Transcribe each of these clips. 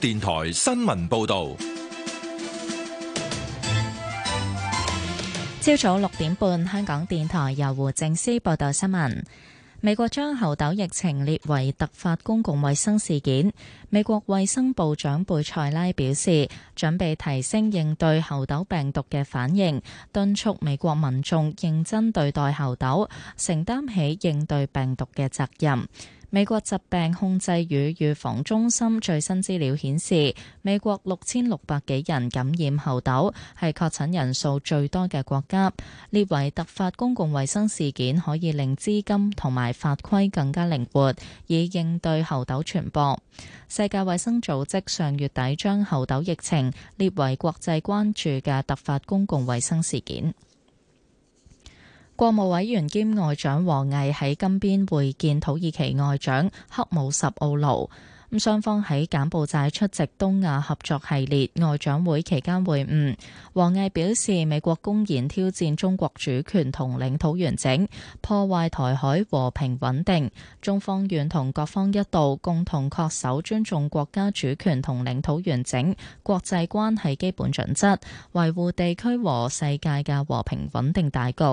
電台新聞報道：朝早六點半，香港電台由胡正思報道新聞。美國將猴痘疫情列為突發公共衛生事件。美國衛生部長貝塞拉表示，準備提升應對猴痘病毒嘅反應，敦促美國民眾認真對待猴痘，承擔起應對病毒嘅責任。美國疾病控制與預防中心最新資料顯示，美國六千六百幾人感染猴痘，係確診人數最多嘅國家，列為突發公共衛生事件，可以令資金同埋法規更加靈活，以應對猴痘傳播。世界衛生組織上月底將猴痘疫情列為國際關注嘅突發公共衛生事件。國務委員兼外長王毅喺金邊會見土耳其外長克姆什奧盧。咁雙方喺柬埔寨出席東亞合作系列外長會期間會晤。王毅表示，美國公然挑戰中國主權同領土完整，破壞台海和平穩定。中方願同各方一道，共同恪守尊重國家主權同領土完整、國際關係基本準則，維護地區和世界嘅和平穩定大局。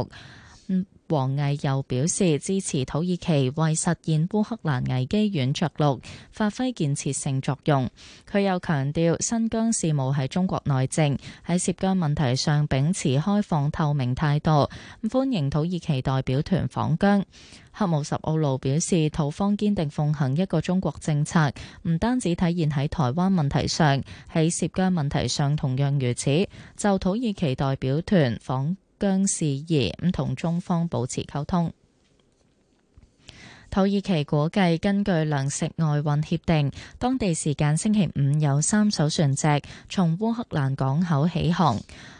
王毅又表示，支持土耳其為實現烏克蘭危機軟着陸發揮建設性作用。佢又強調新疆事務係中國內政，喺涉疆問題上秉持開放透明態度，歡迎土耳其代表團訪疆。恰武什奧盧表示，土方堅定奉行一個中國政策，唔單止體現喺台灣問題上，喺涉疆問題上同樣如此。就土耳其代表團訪。僵士宜，唔同中方保持溝通。土耳其估計，根據糧食外運協定，當地時間星期五有三艘船隻從烏克蘭港口起航。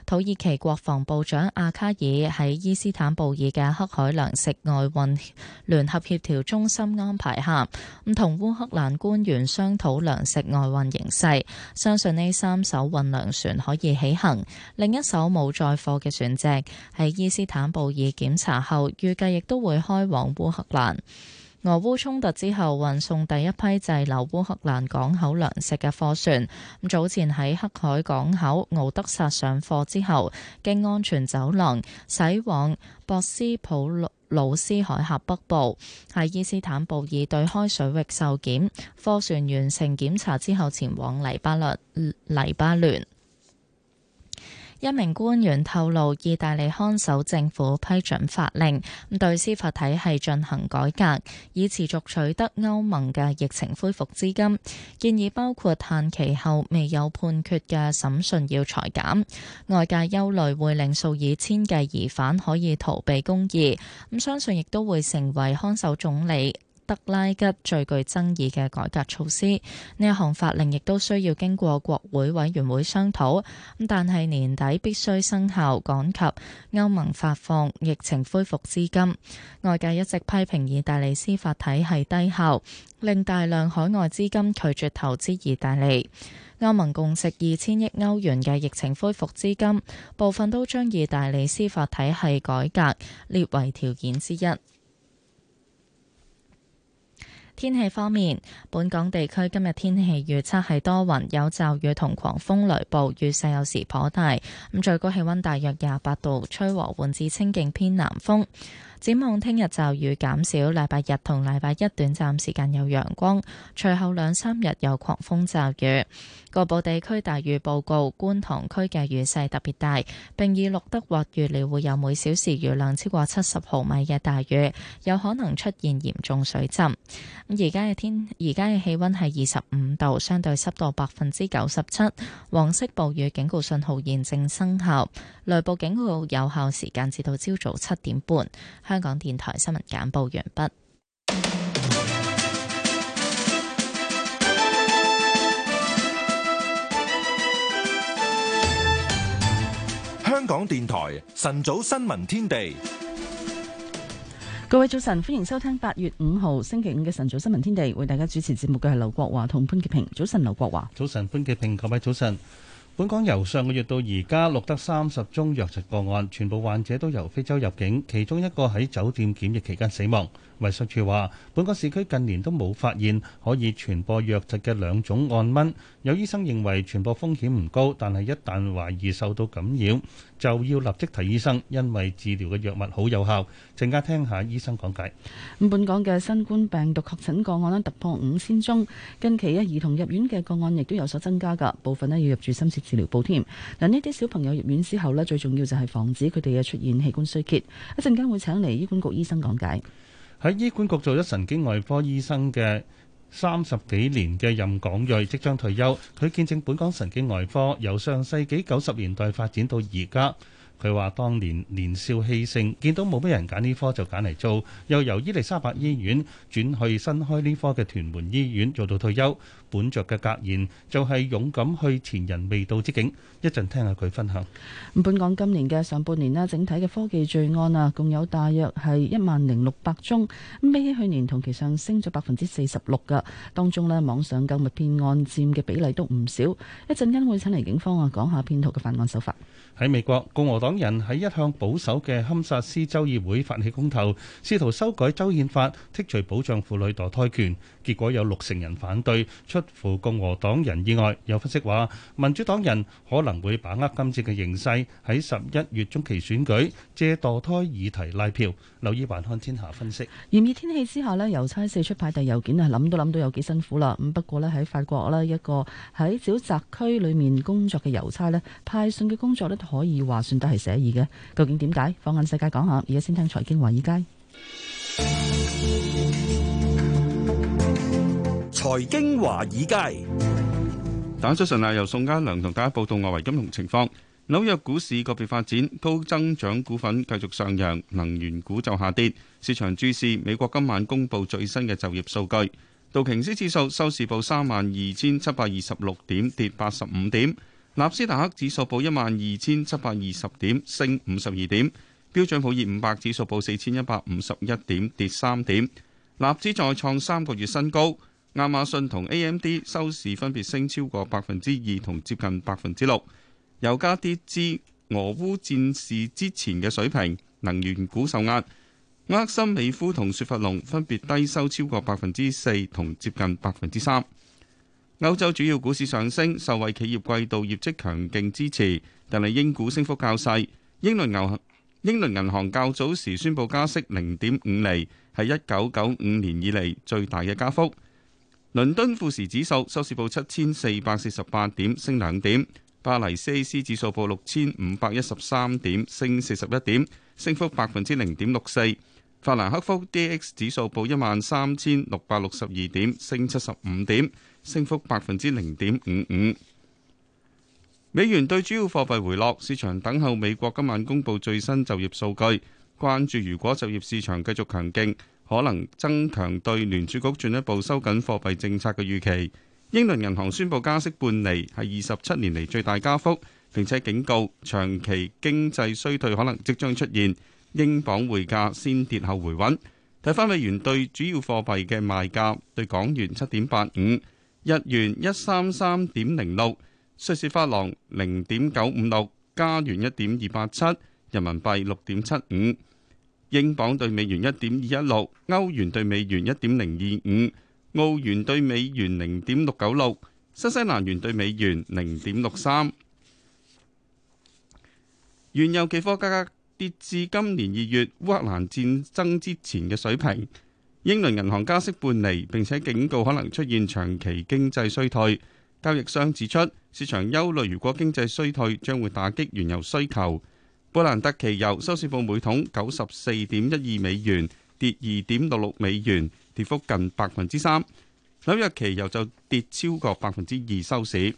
土耳其國防部長阿卡爾喺伊斯坦布爾嘅黑海糧食外運聯合協調中心安排下，唔同烏克蘭官員商討糧食外運形勢，相信呢三艘運糧船可以起行。另一艘冇載貨嘅船隻喺伊斯坦布爾檢查後，預計亦都會開往烏克蘭。俄烏衝突之後，運送第一批滯留烏克蘭港口糧食嘅貨船，早前喺黑海港口奧德薩上貨之後，經安全走廊駛往博斯普魯斯海峽北部，喺伊斯坦布爾對開水域受檢。貨船完成檢查之後，前往黎巴勒黎巴嫩。一名官員透露，意大利看守政府批准法令，對司法體系進行改革，以持續取得歐盟嘅疫情恢復資金。建議包括限期後未有判決嘅審訊要裁減。外界憂慮會令數以千計疑犯可以逃避公義，咁相信亦都會成為看守總理。德拉吉最具爭議嘅改革措施，呢一項法令亦都需要經過國會委員會商討，咁但係年底必須生效，趕及歐盟發放疫情恢復資金。外界一直批評意大利司法體系低效，令大量海外資金拒絕投資意大利。歐盟共識二千億歐元嘅疫情恢復資金，部分都將意大利司法體系改革列為條件之一。天氣方面，本港地區今日天氣預測係多雲，有驟雨同狂風雷暴，雨勢有時頗大。咁最高氣溫大約廿八度，吹和緩至清勁偏南風。展望聽日驟雨減少，禮拜日同禮拜一短暫時間有陽光，隨後兩三日有狂風驟雨。各部地區大雨報告，觀塘區嘅雨勢特別大，並已錄得或預料會有每小時雨量超過七十毫米嘅大雨，有可能出現嚴重水浸。而家嘅天，而家嘅氣溫係二十五度，相對濕度百分之九十七，黃色暴雨警告信號現正生效，雷暴警告有效時間至到朝早七點半。香港電台新聞簡報完畢。香港電台晨早新聞天地，各位早晨，歡迎收聽八月五號星期五嘅晨早新聞天地，為大家主持節目嘅係劉國華同潘潔平。早晨，劉國華。早晨，潘潔平。各位早晨。本港由上個月到而家錄得三十宗瘧疾個案，全部患者都由非洲入境，其中一個喺酒店檢疫期間死亡。衛生署話，本港市區近年都冇發現可以傳播瘧疾嘅兩種按蚊。有醫生認為傳播風險唔高，但係一旦懷疑受到感染，就要立即睇醫生，因為治療嘅藥物好有效。陣間聽下醫生講解。本港嘅新冠病毒確診個案咧突破五千宗，近期咧兒童入院嘅個案亦都有所增加，噶部分咧要入住深切治療部添。嗱呢啲小朋友入院之後咧，最重要就係防止佢哋嘅出現器官衰竭。一陣間會請嚟醫管局醫生講解。喺醫管局做咗神經外科醫生嘅三十幾年嘅任港瑞即將退休，佢見證本港神經外科由上世紀九十年代發展到而家。佢話當年年少氣盛，見到冇咩人揀呢科就揀嚟做，又由伊利沙伯醫院轉去新開呢科嘅屯門醫院做到退休。本着嘅格言就係勇敢去前人未到之境。一陣聽下佢分享。咁，本港今年嘅上半年咧，整體嘅科技罪案啊，共有大約係一萬零六百宗。咁比起去年同期上升咗百分之四十六噶，當中咧，網上購物騙案佔嘅比例都唔少。一陣間會請嚟警方啊，講下騙徒嘅犯案手法。喺美國，共和黨人喺一向保守嘅堪薩斯州議會發起公投，試圖修改州憲法，剔除保障婦女墮胎權。結果有六成人反對，出乎共和黨人意外。有分析話，民主黨人可能會把握今次嘅形勢，喺十一月中期選舉借墮胎議題拉票。留意環看天下分析。炎熱天氣之下咧，郵差四出派遞郵件啊，諗都諗到有幾辛苦啦。咁不過咧，喺法國咧，一個喺沼澤區裏面工作嘅郵差咧，派信嘅工作咧，都可以話算得係寫意嘅。究竟點解？放眼世界講下，而家先聽財經華爾街。財經華爾街，打咗晨啊！由宋家良同大家報道外圍金融情況。紐約股市個別發展，高增長股份繼續上揚，能源股就下跌。市場注視美國今晚公布最新嘅就業數據。道瓊斯指數收市報三萬二千七百二十六點，跌八十五點；納斯達克指數報一萬二千七百二十點，升五十二點；標準普爾五百指數報四千一百五十一點，跌三點。納指再創三個月新高。亞馬遜同 AMD 收市分別升超過百分之二同接近百分之六，油價跌至俄烏戰事之前嘅水平。能源股受壓，埃克森美孚同雪佛龍分別低收超過百分之四同接近百分之三。歐洲主要股市上升，受惠企業季度業績強勁支持，但係英股升幅較細。英倫牛英倫銀行較早時宣布加息零點五厘，係一九九五年以嚟最大嘅加幅。倫敦富時指數收市報七千四百四十八點，升兩點；巴黎 CAC 指數報六千五百一十三點，升四十一點，升幅百分之零點六四；法蘭克福 DAX 指數報一萬三千六百六十二點，升七十五點，升幅百分之零點五五。美元兌主要貨幣回落，市場等候美國今晚公布最新就業數據，關注如果就業市場繼續強勁。可能增強對聯儲局進一步收緊貨幣政策嘅預期。英倫銀行宣布加息半釐，係二十七年嚟最大加幅，並且警告長期經濟衰退可能即將出現。英鎊匯價先跌後回穩。睇翻美元對主要貨幣嘅賣價，對港元七點八五，日元一三三點零六，瑞士法郎零點九五六，加元一點二八七，人民幣六點七五。英鎊兌美元一點二一六，歐元兌美元一點零二五，澳元兌美元零點六九六，新西蘭元兌美元零點六三。原油期貨價格跌至今年二月烏克蘭戰爭之前嘅水平。英倫銀行加息半釐，並且警告可能出現長期經濟衰退。交易商指出，市場憂慮如果經濟衰退，將會打擊原油需求。布蘭特期油收市報每桶九十四點一二美元，跌二點六六美元，跌幅近百分之三。紐約期油就跌超過百分之二收市。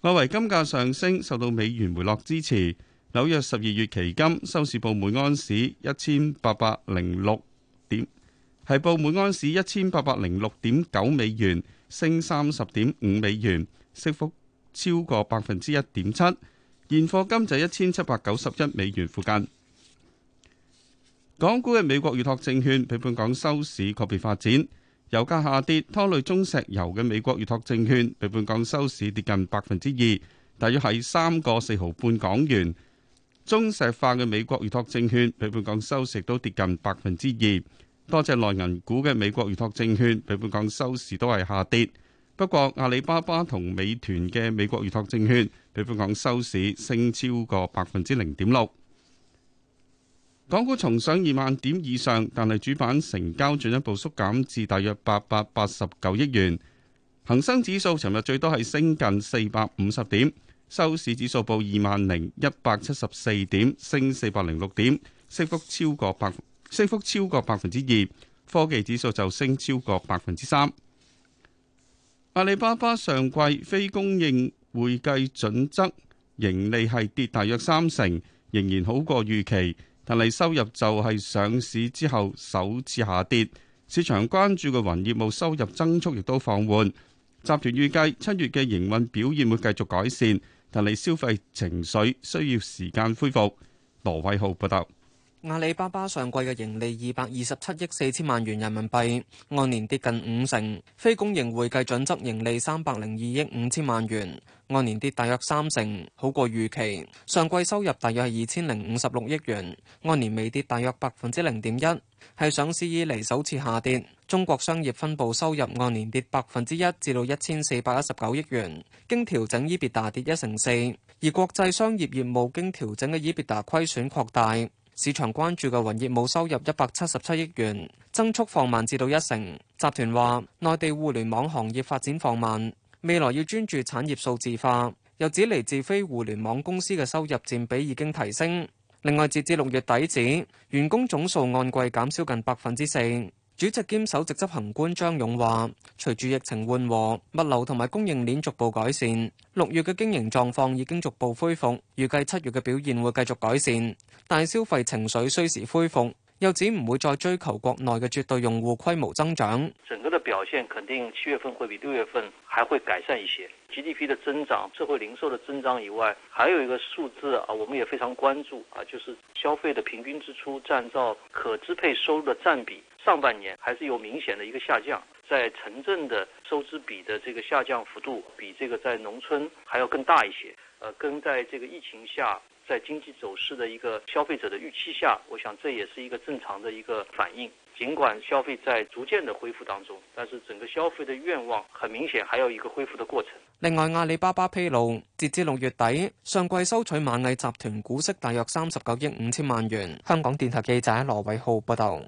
外圍金價上升，受到美元回落支持。紐約十二月期金收市報每安士一千八百零六點，係報每安士一千八百零六點九美元，升三十點五美元，升幅超過百分之一點七。現貨金就一千七百九十一美元附近。港股嘅美國預託證券俾本港收市個別發展，油價下跌拖累中石油嘅美國預託證券俾本港收市跌近百分之二，大約係三個四毫半港元。中石化嘅美國預託證券俾本港收市都跌近百分之二，多隻內銀股嘅美國預託證券俾本港收市都係下跌。不過，阿里巴巴同美團嘅美國預託證券，比香港收市升超過百分之零點六。港股重上二萬點以上，但係主板成交進一步縮減至大約八百八十九億元。恒生指數尋日最多係升近四百五十點，收市指數報二萬零一百七十四點，升四百零六點，升幅超過百升幅超過百分之二。科技指數就升超過百分之三。阿里巴巴上季非公認會計準則盈利係跌大約三成，仍然好過預期，但係收入就係上市之後首次下跌。市場關注嘅雲業務收入增速亦都放緩。集團預計七月嘅營運表現會繼續改善，但係消費情緒需要時間恢復。羅偉浩報道。阿里巴巴上季嘅盈利二百二十七億四千萬元人民幣，按年跌近五成；非公營會計準則盈利三百零二億五千萬元，按年跌大約三成，好過預期。上季收入大約係二千零五十六億元，按年微跌大約百分之零點一，係上市以嚟首次下跌。中國商業分部收入按年跌百分之一，至到一千四百一十九億元，經調整 EBITDA 跌一成四，而國際商業業務經調整嘅 EBITDA 虧損擴大。市場關注嘅雲業務收入一百七十七億元，增速放慢至到一成。集團話，內地互聯網行業發展放慢，未來要專注產業數字化。又指嚟自非互聯網公司嘅收入佔比已經提升。另外，截至六月底止，員工總數按季減少近百分之四。主席兼首席執行官張勇話，隨住疫情緩和，物流同埋供應鏈逐步改善，六月嘅經營狀況已經逐步恢復，預計七月嘅表現會繼續改善，但消費情緒需時恢復。又指唔會再追求國內嘅絕對用戶規模增長。整個的表現肯定七月份會比六月份還會改善一些。GDP 的增長、社會零售的增長以外，還有一個數字啊，我們也非常關注啊，就是消費的平均支出占到可支配收入的占比，上半年還是有明顯的一個下降。在城鎮的收支比的這個下降幅度，比這個在農村還要更大一些。呃，跟在這個疫情下，在經濟走勢的一個消費者的預期下，我想這也是一個正常的一個反應。儘管消費在逐漸的恢復當中，但是整個消費的願望很明顯，還有一個恢復的過程。另外，阿里巴巴披露，截至六月底，上季收取螞蟻集團股息大約三十九億五千萬元。香港電台記者羅偉浩報道。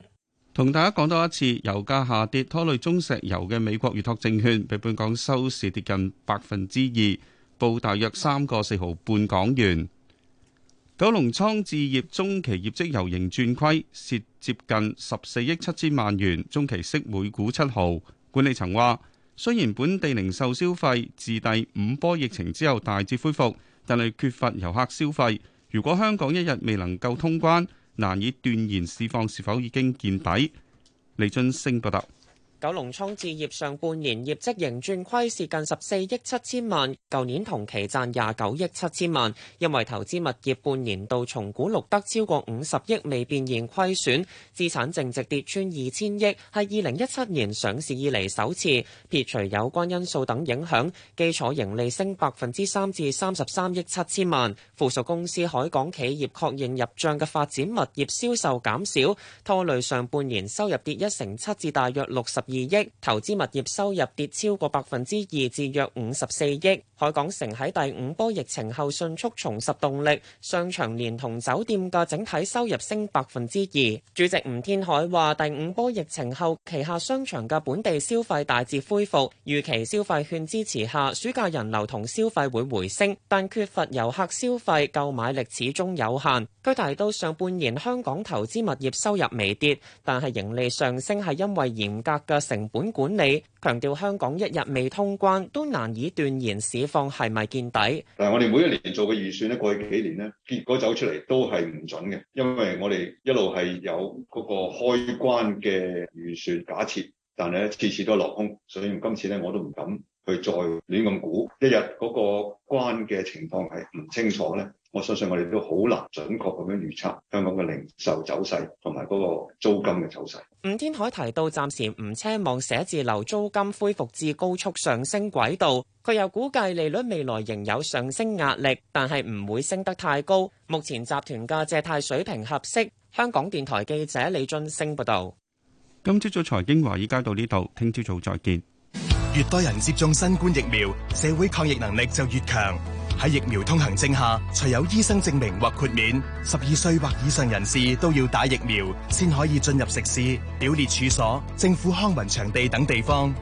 同大家講多一次，油價下跌拖累中石油嘅美國預託證券，比本港收市跌近百分之二，報大約三個四毫半港元。九龍倉置業中期業績由盈轉虧，蝕接近十四億七千萬元，中期息每股七毫。管理層話：雖然本地零售消費自第五波疫情之後大致恢復，但係缺乏遊客消費。如果香港一日未能夠通關，難以斷言市況是否已經見底。李俊升報道。九龍倉置業上半年業績盈轉虧，蝕近十四億七千萬，舊年同期賺廿九億七千萬。因為投資物業半年度重估錄得超過五十億未變現虧損，資產淨值跌穿二千億，係二零一七年上市以嚟首次。撇除有關因素等影響，基礎盈利升百分之三至三十三億七千萬。附屬公司海港企業確認入賬嘅發展物業銷售減少，拖累上半年收入跌一成七至大約六十。二億投資物業收入跌超過百分之二至約五十四億，海港城喺第五波疫情後迅速重拾動力，商場連同酒店嘅整體收入升百分之二。主席吳天海話：第五波疫情後，旗下商場嘅本地消費大致恢復，預期消費券支持下，暑假人流同消費會回升，但缺乏遊客消費，購買力始終有限。佢提到上半年香港投資物業收入微跌，但係盈利上升係因為嚴格嘅。成本管理強調，香港一日未通關，都難以斷言市況係咪見底。但係我哋每一年做嘅預算咧，過去幾年咧，結果走出嚟都係唔準嘅，因為我哋一路係有嗰個開關嘅預算假設，但係咧次次都落空，所以今次咧我都唔敢去再亂咁估。一日嗰個關嘅情況係唔清楚咧。我相信我哋都好難準確咁樣預測香港嘅零售走勢同埋嗰個租金嘅走勢。吳天海提到，暫時唔奢望寫字樓租金恢復至高速上升軌道，佢又估計利率未來仍有上升壓力，但係唔會升得太高。目前集團嘅借貸水平合適。香港電台記者李俊升報道。今朝早財經華爾街到呢度，聽朝早再見。越多人接種新冠疫苗，社會抗疫能力就越強。喺疫苗通行證下，除有醫生證明或豁免，十二歲或以上人士都要打疫苗，先可以進入食肆、表列處所、政府康文場地等地方。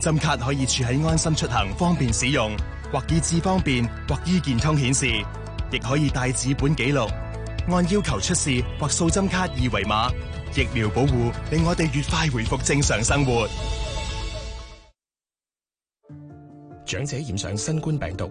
針卡可以處喺安心出行方便使用，或以智方便，或醫健通顯示，亦可以帶紙本記錄，按要求出示或掃針卡二維碼。疫苗保護令我哋越快回復正常生活。長者染上新冠病毒，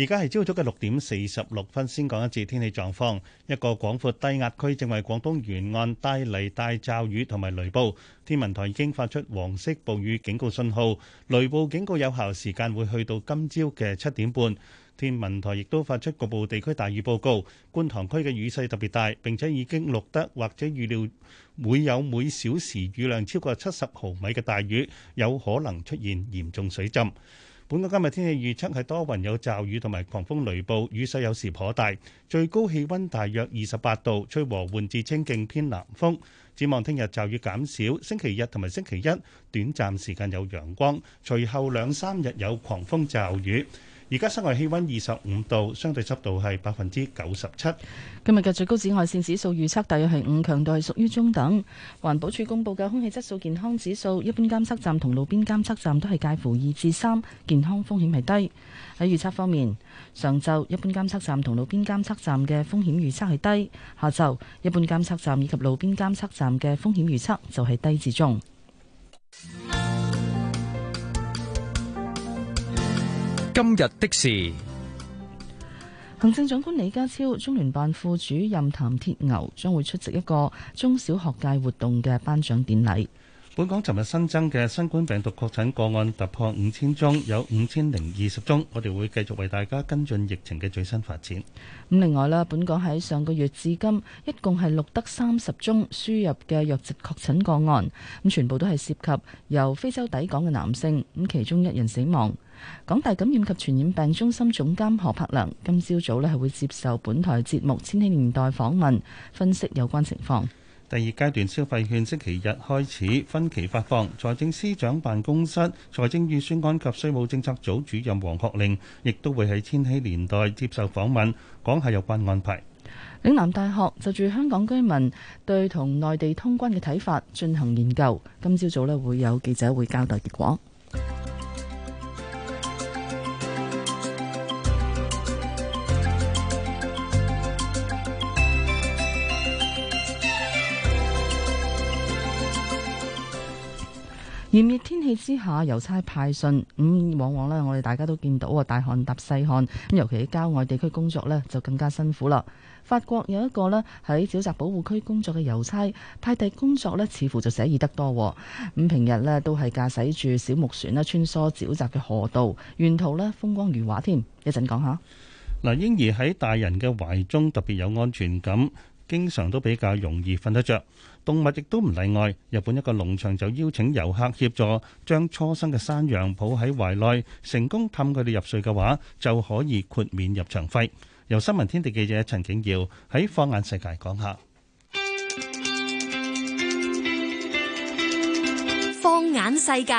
而家係朝早嘅六點四十六分，先講一次天氣狀況。一個廣闊低壓區正為廣東沿岸帶嚟大驟雨同埋雷暴。天文台已經發出黃色暴雨警告信號，雷暴警告有效時間會去到今朝嘅七點半。天文台亦都發出局部地區大雨報告。觀塘區嘅雨勢特別大，並且已經錄得或者預料會有每小時雨量超過七十毫米嘅大雨，有可能出現嚴重水浸。本港今日天氣預測係多雲有驟雨同埋狂風雷暴，雨勢有時頗大，最高氣溫大約二十八度，吹和緩至清勁偏南風。展望聽日驟雨減少，星期日同埋星期一短暫時間有陽光，隨後兩三日有狂風驟雨。而家室外氣溫二十五度，相對濕度係百分之九十七。今日嘅最高紫外線指數預測大約係五，強度係屬於中等。環保署公布嘅空氣質素健康指數，一般監測站同路邊監測站都係介乎二至三，健康風險係低。喺預測方面，上晝一般監測站同路邊監測站嘅風險預測係低，下晝一般監測站以及路邊監測站嘅風險預測就係低至中。 今日的事，行政長官李家超、中聯辦副主任譚鐵牛將會出席一個中小學界活動嘅頒獎典禮。本港昨日新增嘅新冠病毒確診個案突破五千宗，有五千零二十宗。我哋會繼續為大家跟進疫情嘅最新發展。咁另外啦，本港喺上個月至今一共係錄得三十宗輸入嘅瘧疾確診個案，咁全部都係涉及由非洲抵港嘅男性，咁其中一人死亡。港大感染及傳染病中心總監何柏良今朝早呢，係會接受本台節目《千禧年代》訪問，分析有關情況。第二階段消費券星期日開始分期發放，財政司長辦公室、財政預算案及稅務政策組主任黃學令亦都會喺千禧年代接受訪問，講下有關安排。嶺南大學就住香港居民對同內地通關嘅睇法進行研究，今朝早呢會有記者會交代結果。炎熱天氣之下，郵差派信咁、嗯，往往咧，我哋大家都見到啊，大汗搭細汗咁，尤其喺郊外地區工作呢就更加辛苦啦。法國有一個呢喺沼澤保護區工作嘅郵差，派遞工作呢似乎就寫意得多。咁、嗯、平日呢都係駕駛住小木船咧穿梭沼沼澤嘅河道，沿途呢風光如畫添。一陣講下嗱，嬰兒喺大人嘅懷中特別有安全感。經常都比較容易瞓得着，動物亦都唔例外。日本一個農場就邀請遊客協助將初生嘅山羊抱喺懷內，成功氹佢哋入睡嘅話，就可以豁免入場費。由新聞天地記者陳景耀喺《放眼世界》講下《放眼世界》。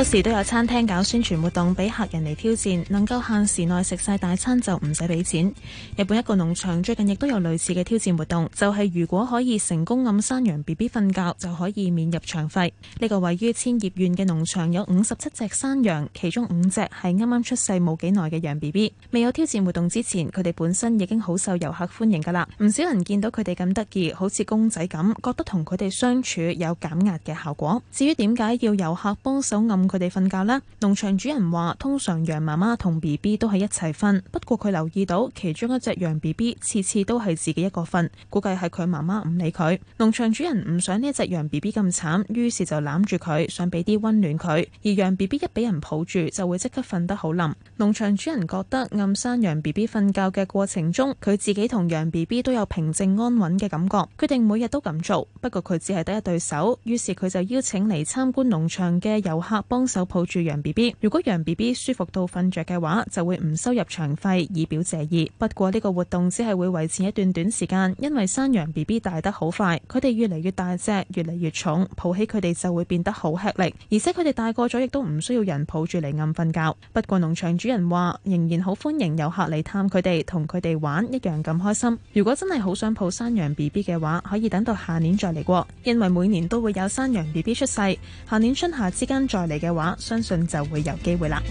不時都有餐廳搞宣傳活動，俾客人嚟挑戰，能夠限時內食晒大餐就唔使俾錢。日本一個農場最近亦都有類似嘅挑戰活動，就係如果可以成功暗山羊 B B 瞓覺，就可以免入場費。呢個位於千葉縣嘅農場有五十七隻山羊，其中五隻係啱啱出世冇幾耐嘅羊 B B。未有挑戰活動之前，佢哋本身已經好受遊客歡迎㗎啦。唔少人見到佢哋咁得意，好似公仔咁，覺得同佢哋相處有減壓嘅效果。至於點解要遊客幫手暗佢哋瞓覺啦。農場主人話，通常羊媽媽同 B B 都係一齊瞓，不過佢留意到其中一隻羊 B B 次次都係自己一個瞓，估計係佢媽媽唔理佢。農場主人唔想呢一隻羊 B B 咁慘，於是就攬住佢，想俾啲溫暖佢。而羊 B B 一俾人抱住，就會即刻瞓得好冧。農場主人覺得暗生羊 B B 瞓覺嘅過程中，佢自己同羊 B B 都有平靜安穩嘅感覺，決定每日都咁做。不過佢只係得一對手，於是佢就邀請嚟參觀農場嘅遊客。幫手抱住羊 B B，如果羊 B B 舒服到瞓着嘅話，就會唔收入場費以表謝意。不過呢個活動只係會維持一段短時間，因為山羊 B B 大得好快，佢哋越嚟越大隻，越嚟越重，抱起佢哋就會變得好吃力。而且佢哋大個咗，亦都唔需要人抱住嚟暗瞓覺。不過農場主人話，仍然好歡迎遊客嚟探佢哋，同佢哋玩一樣咁開心。如果真係好想抱山羊 B B 嘅話，可以等到下年再嚟過，因為每年都會有山羊 B B 出世，下年春夏之間再嚟嘅話，相信就會有機會啦。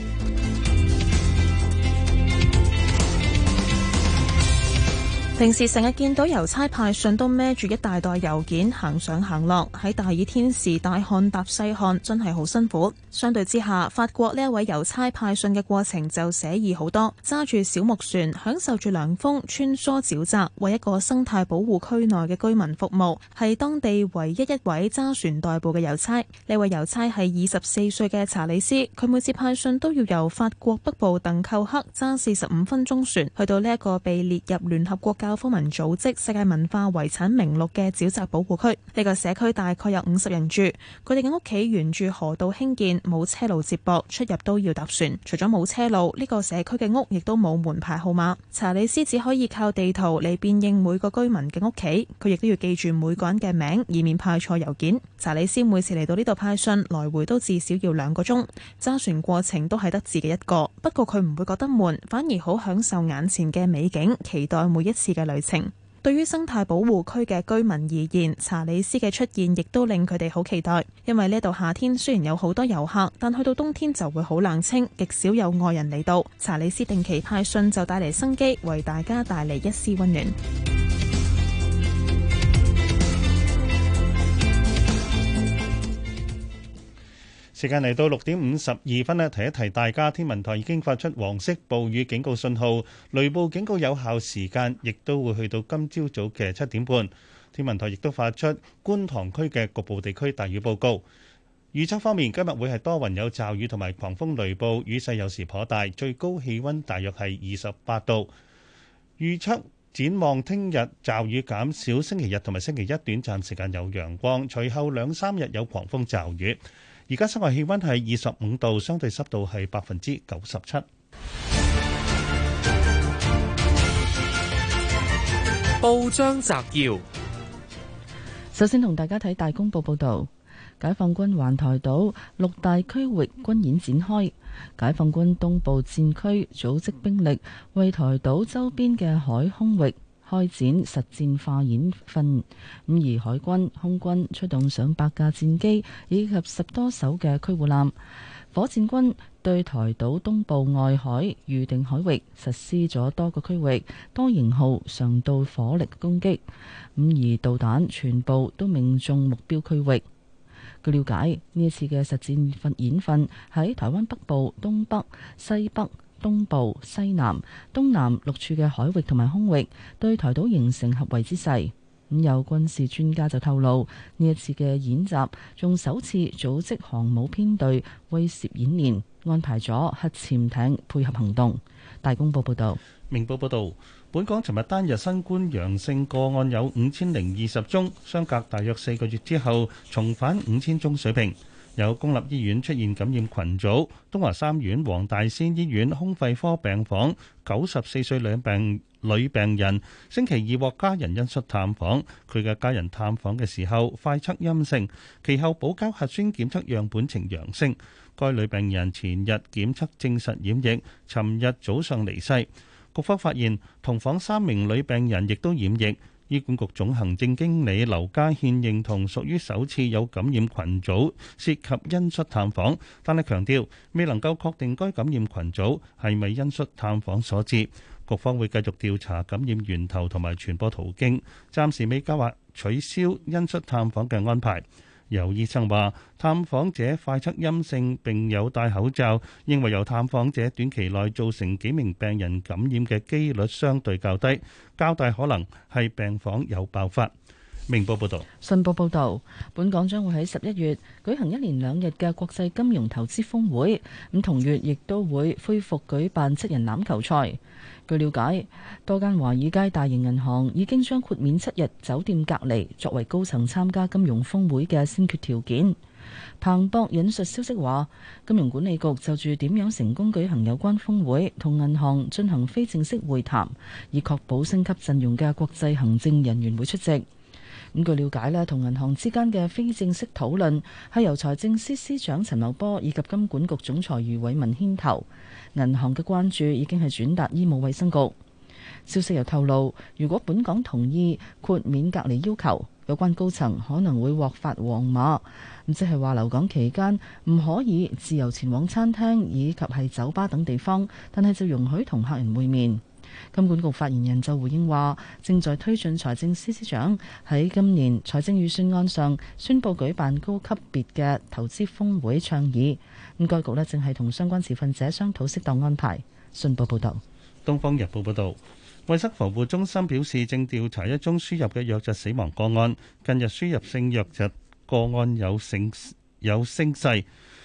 平時成日見到郵差派信都孭住一大袋郵件行上行落，喺大雨天時大汗搭細汗，真係好辛苦。相對之下，法國呢一位郵差派信嘅過程就寫意好多，揸住小木船，享受住涼風，穿梭沼澤，為一個生態保護區內嘅居民服務，係當地唯一一位揸船代步嘅郵差。呢位郵差係二十四歲嘅查理斯，佢每次派信都要由法國北部鄧寇克揸四十五分鐘船，去到呢一個被列入聯合國家。教科文組織世界文化遺產名錄嘅沼澤保護區，呢個社區大概有五十人住，佢哋嘅屋企沿住河道興建，冇車路接駁，出入都要搭船。除咗冇車路，呢個社區嘅屋亦都冇門牌號碼，查理斯只可以靠地圖嚟辨認每個居民嘅屋企，佢亦都要記住每個人嘅名，以免派錯郵件。查理斯每次嚟到呢度派信，來回都至少要兩個鐘，揸船過程都係得自己一個，不過佢唔會覺得悶，反而好享受眼前嘅美景，期待每一次嘅旅程，對於生態保護區嘅居民而言，查理斯嘅出現亦都令佢哋好期待，因為呢度夏天雖然有好多遊客，但去到冬天就會好冷清，極少有外人嚟到。查理斯定期派信就帶嚟生機，為大家帶嚟一絲溫暖。時間嚟到六點五十二分呢，提一提大家，天文台已經發出黃色暴雨警告信號，雷暴警告有效時間亦都會去到今朝早嘅七點半。天文台亦都發出觀塘區嘅局部地區大雨報告。預測方面，今日會係多雲有驟雨同埋狂風雷暴，雨勢有時頗大，最高氣温大約係二十八度。預測展望，聽日驟雨減少，星期日同埋星期一短暫時間有陽光，隨後兩三日有狂風驟雨。而家室外氣溫係二十五度，相對濕度係百分之九十七。報章摘要，首先同大家睇大公報報導，解放軍環台島六大區域軍演展開。解放軍東部戰區組織兵力為台島周邊嘅海空域。開展實戰化演訓，咁而海軍、空軍出動上百架戰機，以及十多艘嘅驅護艦，火箭軍對台島東部外海預定海域實施咗多個區域、多型號常導火力攻擊，咁而導彈全部都命中目標區域。據了解，呢一次嘅實戰訓演訓喺台灣北部、東北、西北。東部、西南、東南六處嘅海域同埋空域，對台島形成合圍之勢。咁有軍事專家就透露，呢一次嘅演習仲首次組織航母編隊威懾演練，安排咗核潛艇配合行動。大公報報道，明報報道，本港尋日單日新冠陽性個案有五千零二十宗，相隔大約四個月之後，重返五千宗水平。有公立醫院出現感染群組，東華三院黃大仙醫院胸肺科病房九十四歲兩病女病人，星期二獲家人恩恤探訪，佢嘅家人探訪嘅時候快測陰性，其後補交核酸檢測樣本呈陽性，該女病人前日檢測證實染疫，尋日早上離世。局方發現同房三名女病人亦都染疫。醫管局總行政經理劉家憲認同屬於首次有感染群組涉及恩恤探訪，但係強調未能夠確定該感染群組係咪恩恤探訪所致。局方會繼續調查感染源頭同埋傳播途徑，暫時未計劃取消恩恤探訪嘅安排。有醫生話，探訪者快測陰性並有戴口罩，認為由探訪者短期內造成幾名病人感染嘅機率相對較低，較大可能係病房有爆發。明報報道，信報報道，本港將會喺十一月舉行一連兩日嘅國際金融投資峰會。咁同月亦都會恢復舉辦七人欖球賽。據了解，多間華爾街大型銀行已經將豁免七日酒店隔離作為高層參加金融峰會嘅先決條件。彭博引述消息話，金融管理局就住點樣成功舉行有關峰會同銀行進行非正式會談，以確保升級陣容嘅國際行政人員會出席。咁據了解呢，同銀行之間嘅非正式討論係由財政司司長陳茂波以及金管局總裁余偉文牽頭。銀行嘅關注已經係轉達醫務衛生局。消息又透露，如果本港同意豁免隔離要求，有關高層可能會獲發黃碼。咁即係話留港期間唔可以自由前往餐廳以及係酒吧等地方，但係就容許同客人會面。金管局發言人就回應話，正在推進財政司司長喺今年財政預算案上宣布舉辦高級別嘅投資峰會倡議。咁該局咧正係同相關持份者商討適當安排。信報報道，東方日報報道，衛生防護中心表示正調查一宗輸入嘅瘧疾死亡個案。近日輸入性瘧疾個案有成有升勢。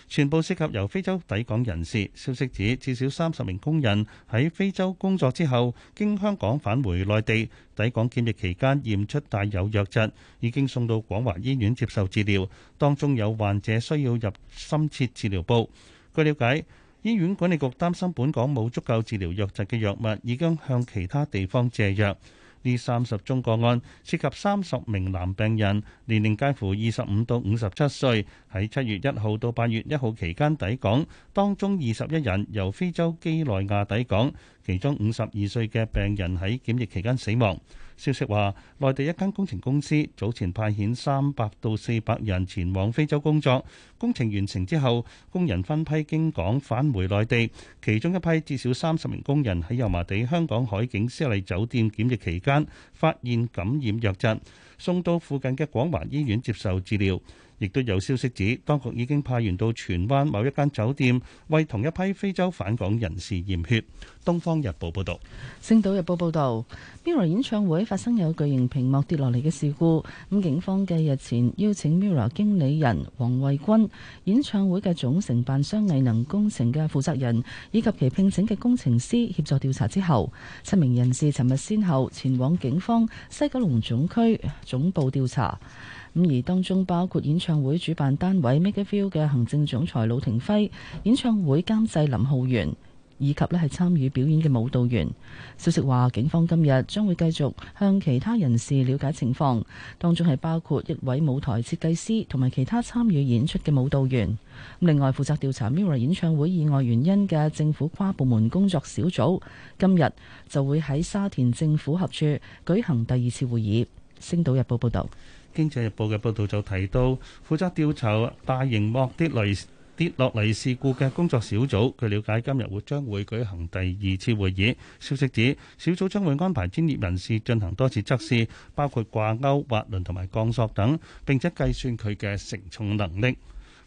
全部涉及由非洲抵港人士。消息指，至少三十名工人喺非洲工作之後經香港返回內地抵港檢疫期間驗出帶有瘧疾，已經送到廣華醫院接受治療，當中有患者需要入深切治療部。據了解，醫院管理局擔心本港冇足夠治療瘧疾嘅藥物，已經向其他地方借藥。呢三十宗個案涉及三十名男病人，年齡介乎二十五到五十七歲，喺七月一號到八月一號期間抵港，當中二十一人由非洲幾內亞抵港，其中五十二歲嘅病人喺檢疫期間死亡。消息話，內地一間工程公司早前派遣三百到四百人前往非洲工作，工程完成之後，工人分批經港返回內地。其中一批至少三十名工人喺油麻地香港海景絲麗酒店檢疫期間，發現感染瘧疾，送到附近嘅廣華醫院接受治療。亦都有消息指，當局已經派員到荃灣某一間酒店，為同一批非洲返港人士驗血。《東方日報》報道，《星島日報》報道，Mirror 演唱會發生有巨型屏幕跌落嚟嘅事故。咁警方嘅日前邀請 Mirror 經理人黃慧君、演唱會嘅總承辦商藝能工程嘅負責人以及其聘請嘅工程師協助調查之後，七名人士尋日先後前往警方西九龍總區總部調查。咁而當中包括演唱會主辦單位 MakerVille 嘅行政總裁魯庭暉、演唱會監製林浩源，以及呢係參與表演嘅舞蹈員。消息話，警方今日將會繼續向其他人士了解情況，當中係包括一位舞台設計師同埋其他參與演出嘅舞蹈員。另外，負責調查 Mirror 演唱會意外原因嘅政府跨部門工作小組，今日就會喺沙田政府合署舉行第二次會議。《星島日報》報道。《經濟日報》嘅報道就提到，負責調查大型幕跌嚟跌落嚟事故嘅工作小組，據了解今日會將會舉行第二次會議。消息指，小組將會安排專業人士進行多次測試，包括掛鉤、滑輪同埋鋼索等，並且計算佢嘅承重能力。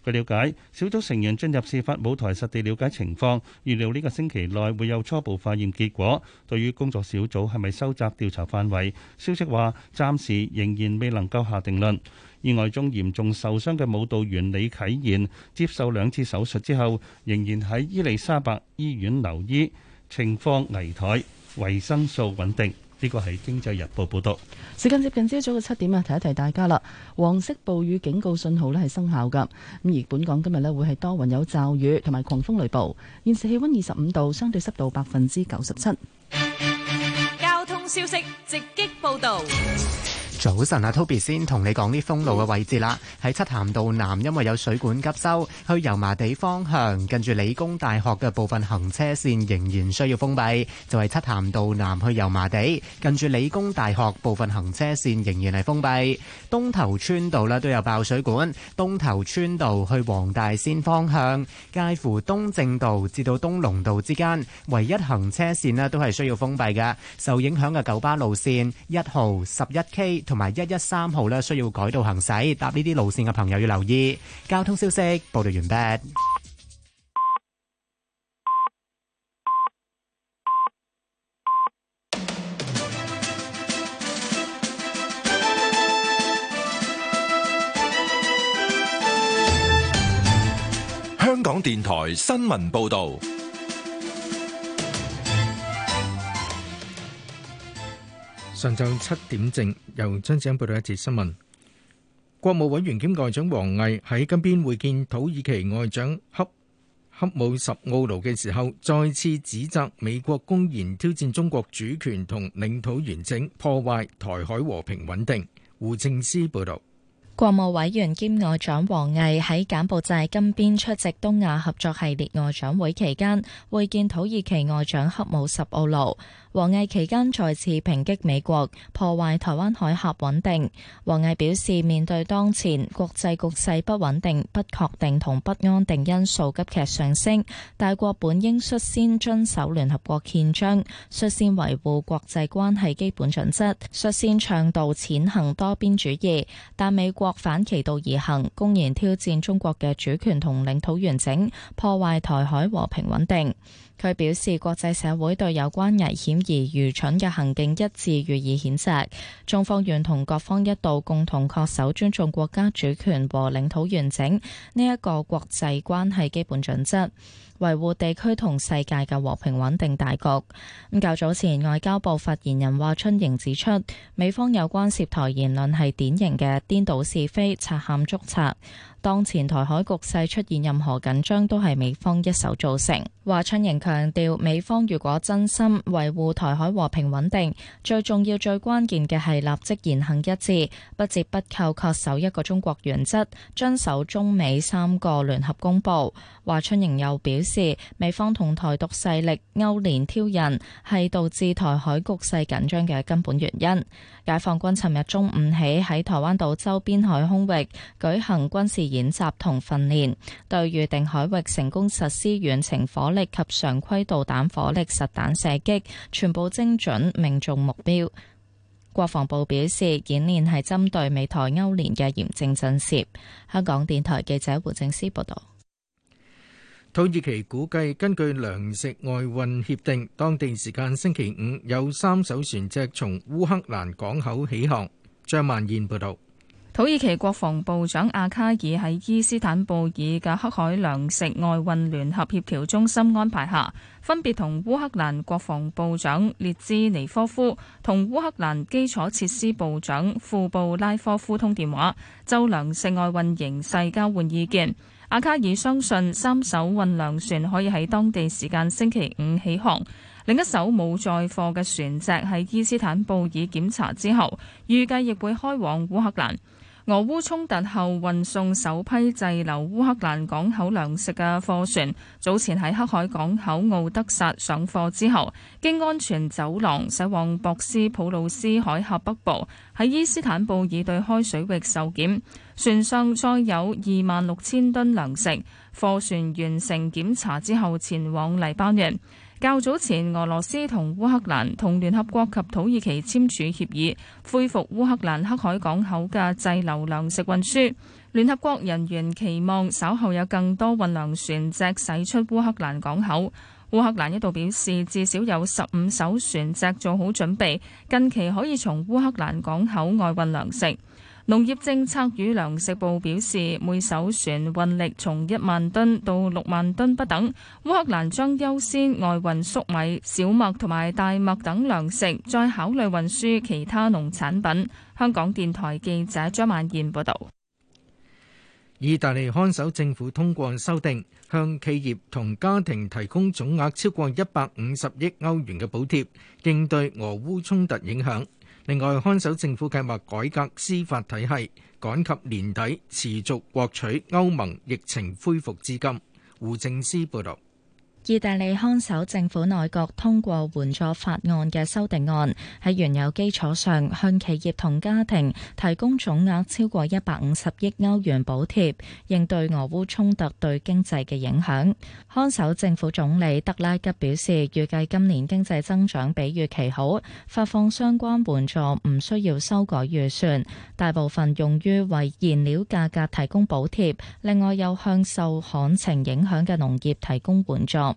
據了解，小組成員進入事發舞台實地了解情況，預料呢個星期內會有初步化驗結果。對於工作小組係咪收窄調查範圍，消息話暫時仍然未能夠下定論。意外中嚴重受傷嘅舞蹈員李啓賢接受兩次手術之後，仍然喺伊利沙伯醫院留醫，情況危殆，維生素穩定。呢個係《經濟日報》報道。時間接近朝早嘅七點啊，提一提大家啦。黃色暴雨警告信號咧係生效噶。咁而本港今日咧會係多雲有驟雨同埋狂風雷暴。現時氣溫二十五度，相對濕度百分之九十七。交通消息，直擊報道。早晨啊，Toby 先同你講啲封路嘅位置啦。喺漆咸道南，因為有水管急修，去油麻地方向近住理工大學嘅部分行車線仍然需要封閉。就係漆咸道南去油麻地近住理工大學部分行車線仍然係封閉。東頭村道咧都有爆水管，東頭村道去黃大仙方向介乎東正道至到東龍道之間，唯一行車線咧都係需要封閉嘅。受影響嘅九巴路線一號、十一 K。同埋一一三號咧需要改道行駛，搭呢啲路線嘅朋友要留意。交通消息報道完畢。香港電台新聞報道。上晝七點正，由張子欣報道一節新聞。國務委員兼外長王毅喺金邊會見土耳其外長恰恰武什奧盧嘅時候，再次指責美國公然挑戰中國主權同領土完整，破壞台海和平穩定。胡正思報道。國務委員兼外長王毅喺柬埔寨金邊出席東亞合作系列外長會期間，會見土耳其外長恰武什奧盧。王毅期間再次抨擊美國破壞台灣海峽穩定。王毅表示，面對當前國際局勢不穩定、不確定同不安定因素急劇上升，大國本應率先遵守聯合國憲章，率先維護國際關係基本準則，率先倡導踐行多邊主義。但美國反其道而行，公然挑戰中國嘅主權同領土完整，破壞台海和平穩定。佢表示，國際社會對有關危險而愚蠢嘅行徑一致予以譴責。中方願同各方一道，共同恪守尊重國家主權和領土完整呢一個國際關係基本準則，維護地區同世界嘅和平穩定大局。咁較早前，外交部發言人華春瑩指出，美方有關涉台言論係典型嘅顛倒是非、賊喊捉賊。當前台海局勢出現任何緊張，都係美方一手造成。華春瑩強調，美方如果真心維護台海和平穩定，最重要、最關鍵嘅係立即言行一致，不折不扣恪守一個中國原則，遵守中美三個聯合公報。華春瑩又表示，美方同台獨勢力勾連挑釁，係導致台海局勢緊張嘅根本原因。解放軍尋日中午起喺台灣島周邊海空域舉行軍事演演習同訓練，對預定海域成功實施遠程火力及常規導彈火力實彈射擊，全部精準命中目標。國防部表示，演練係針對美台歐聯嘅嚴正震懾。香港電台記者胡正思報道。土耳其估計，根據糧食外運協定，當地時間星期五有三艘船隻從烏克蘭港口起航。張萬燕報道。土耳其國防部長阿卡爾喺伊斯坦布爾嘅黑海糧食外運聯合協調中心安排下，分別同烏克蘭國防部長列茲尼科夫同烏克蘭基礎設施部長庫布拉科夫通電話，就糧食外運形勢交換意見。阿卡爾相信三艘運糧船可以喺當地時間星期五起航，另一艘冇載貨嘅船隻喺伊斯坦布爾檢查之後，預計亦會開往烏克蘭。俄烏衝突後運送首批滯留烏克蘭港口糧食嘅貨船，早前喺黑海港口敖德薩上貨之後，經安全走廊駛往博斯普魯斯海峽北部，喺伊斯坦布爾對開水域受檢。船上載有二萬六千噸糧食，貨船完成檢查之後前往黎巴嫩。較早前，俄羅斯同烏克蘭同聯合國及土耳其簽署協議，恢復烏克蘭黑海港口嘅滯留糧食運輸。聯合國人員期望稍後有更多運糧船隻駛出烏克蘭港口。烏克蘭一度表示，至少有十五艘船隻做好準備，近期可以從烏克蘭港口外運糧食。農業政策與糧食部表示，每艘船運力從一萬噸到六萬噸不等。烏克蘭將優先外運粟米、小麥同埋大麥等糧食，再考慮運輸其他農產品。香港電台記者張曼燕報導。意大利看守政府通過修訂，向企業同家庭提供總額超過一百五十億歐元嘅補貼，應對俄烏衝突影響。另外，看守政府計劃改革司法體系，趕及年底持續獲取歐盟疫情恢復資金。胡正思報道。意大利看守政府內閣通過援助法案嘅修訂案，喺原有基礎上向企業同家庭提供總額超過一百五十億歐元補貼，應對俄烏衝突對經濟嘅影響，看守政府總理德拉吉表示，預計今年經濟增長比預期好，發放相關援助唔需要修改預算，大部分用於為燃料價格提供補貼，另外又向受旱情影響嘅農業提供援助。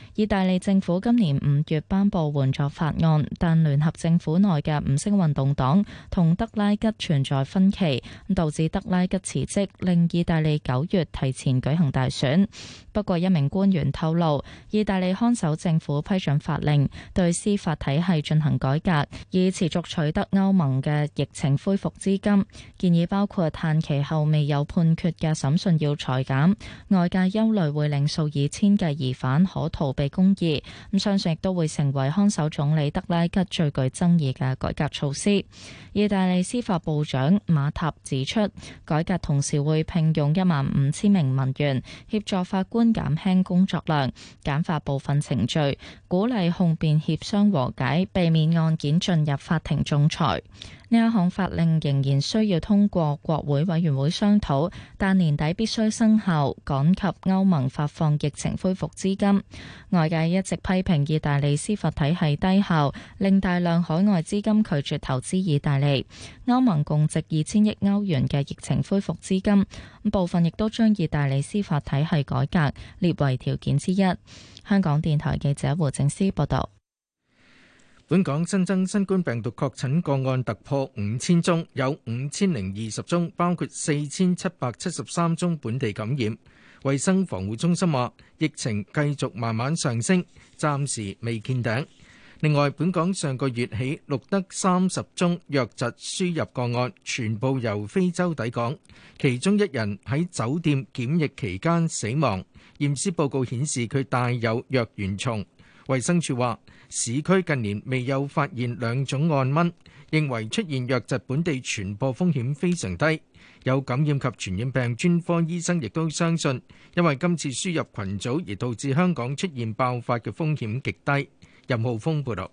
意大利政府今年五月頒布援助法案，但聯合政府內嘅五星運動黨同德拉吉存在分歧，導致德拉吉辭職，令意大利九月提前舉行大選。不過一名官員透露，意大利看守政府批准法令對司法體系進行改革，以持續取得歐盟嘅疫情恢復資金。建議包括限期後未有判決嘅審訊要裁減。外界憂慮會令數以千計疑犯可逃避。公義。咁，相信亦都會成為看守總理德拉吉最具爭議嘅改革措施。意大利司法部長馬塔指出，改革同時會聘用一萬五千名文員協助法官減輕工作量、簡化部分程序、鼓勵控辯協商和解，避免案件進入法庭仲裁。呢一項法令仍然需要通過國會委員會商討，但年底必須生效，趕及歐盟發放疫情恢復資金。外界一直批評意大利司法體系低效，令大量海外資金拒絕投資意大利。歐盟共值二千億歐元嘅疫情恢復資金，部分亦都將意大利司法體系改革列為條件之一。香港電台記者胡正思報道。本港新增新冠病毒確診個案突破五千宗，有五千零二十宗，包括四千七百七十三宗本地感染。衛生防護中心話疫情繼續慢慢上升，暫時未見頂。另外，本港上個月起錄得三十宗瘧疾輸入個案，全部由非洲抵港，其中一人喺酒店檢疫期間死亡，驗屍報告顯示佢帶有瘧原蟲。衛生署話，市區近年未有發現兩種按蚊，認為出現瘧疾本地傳播風險非常低。有感染及傳染病專科醫生亦都相信，因為今次輸入群組而導致香港出現爆發嘅風險極低。任浩峰報道。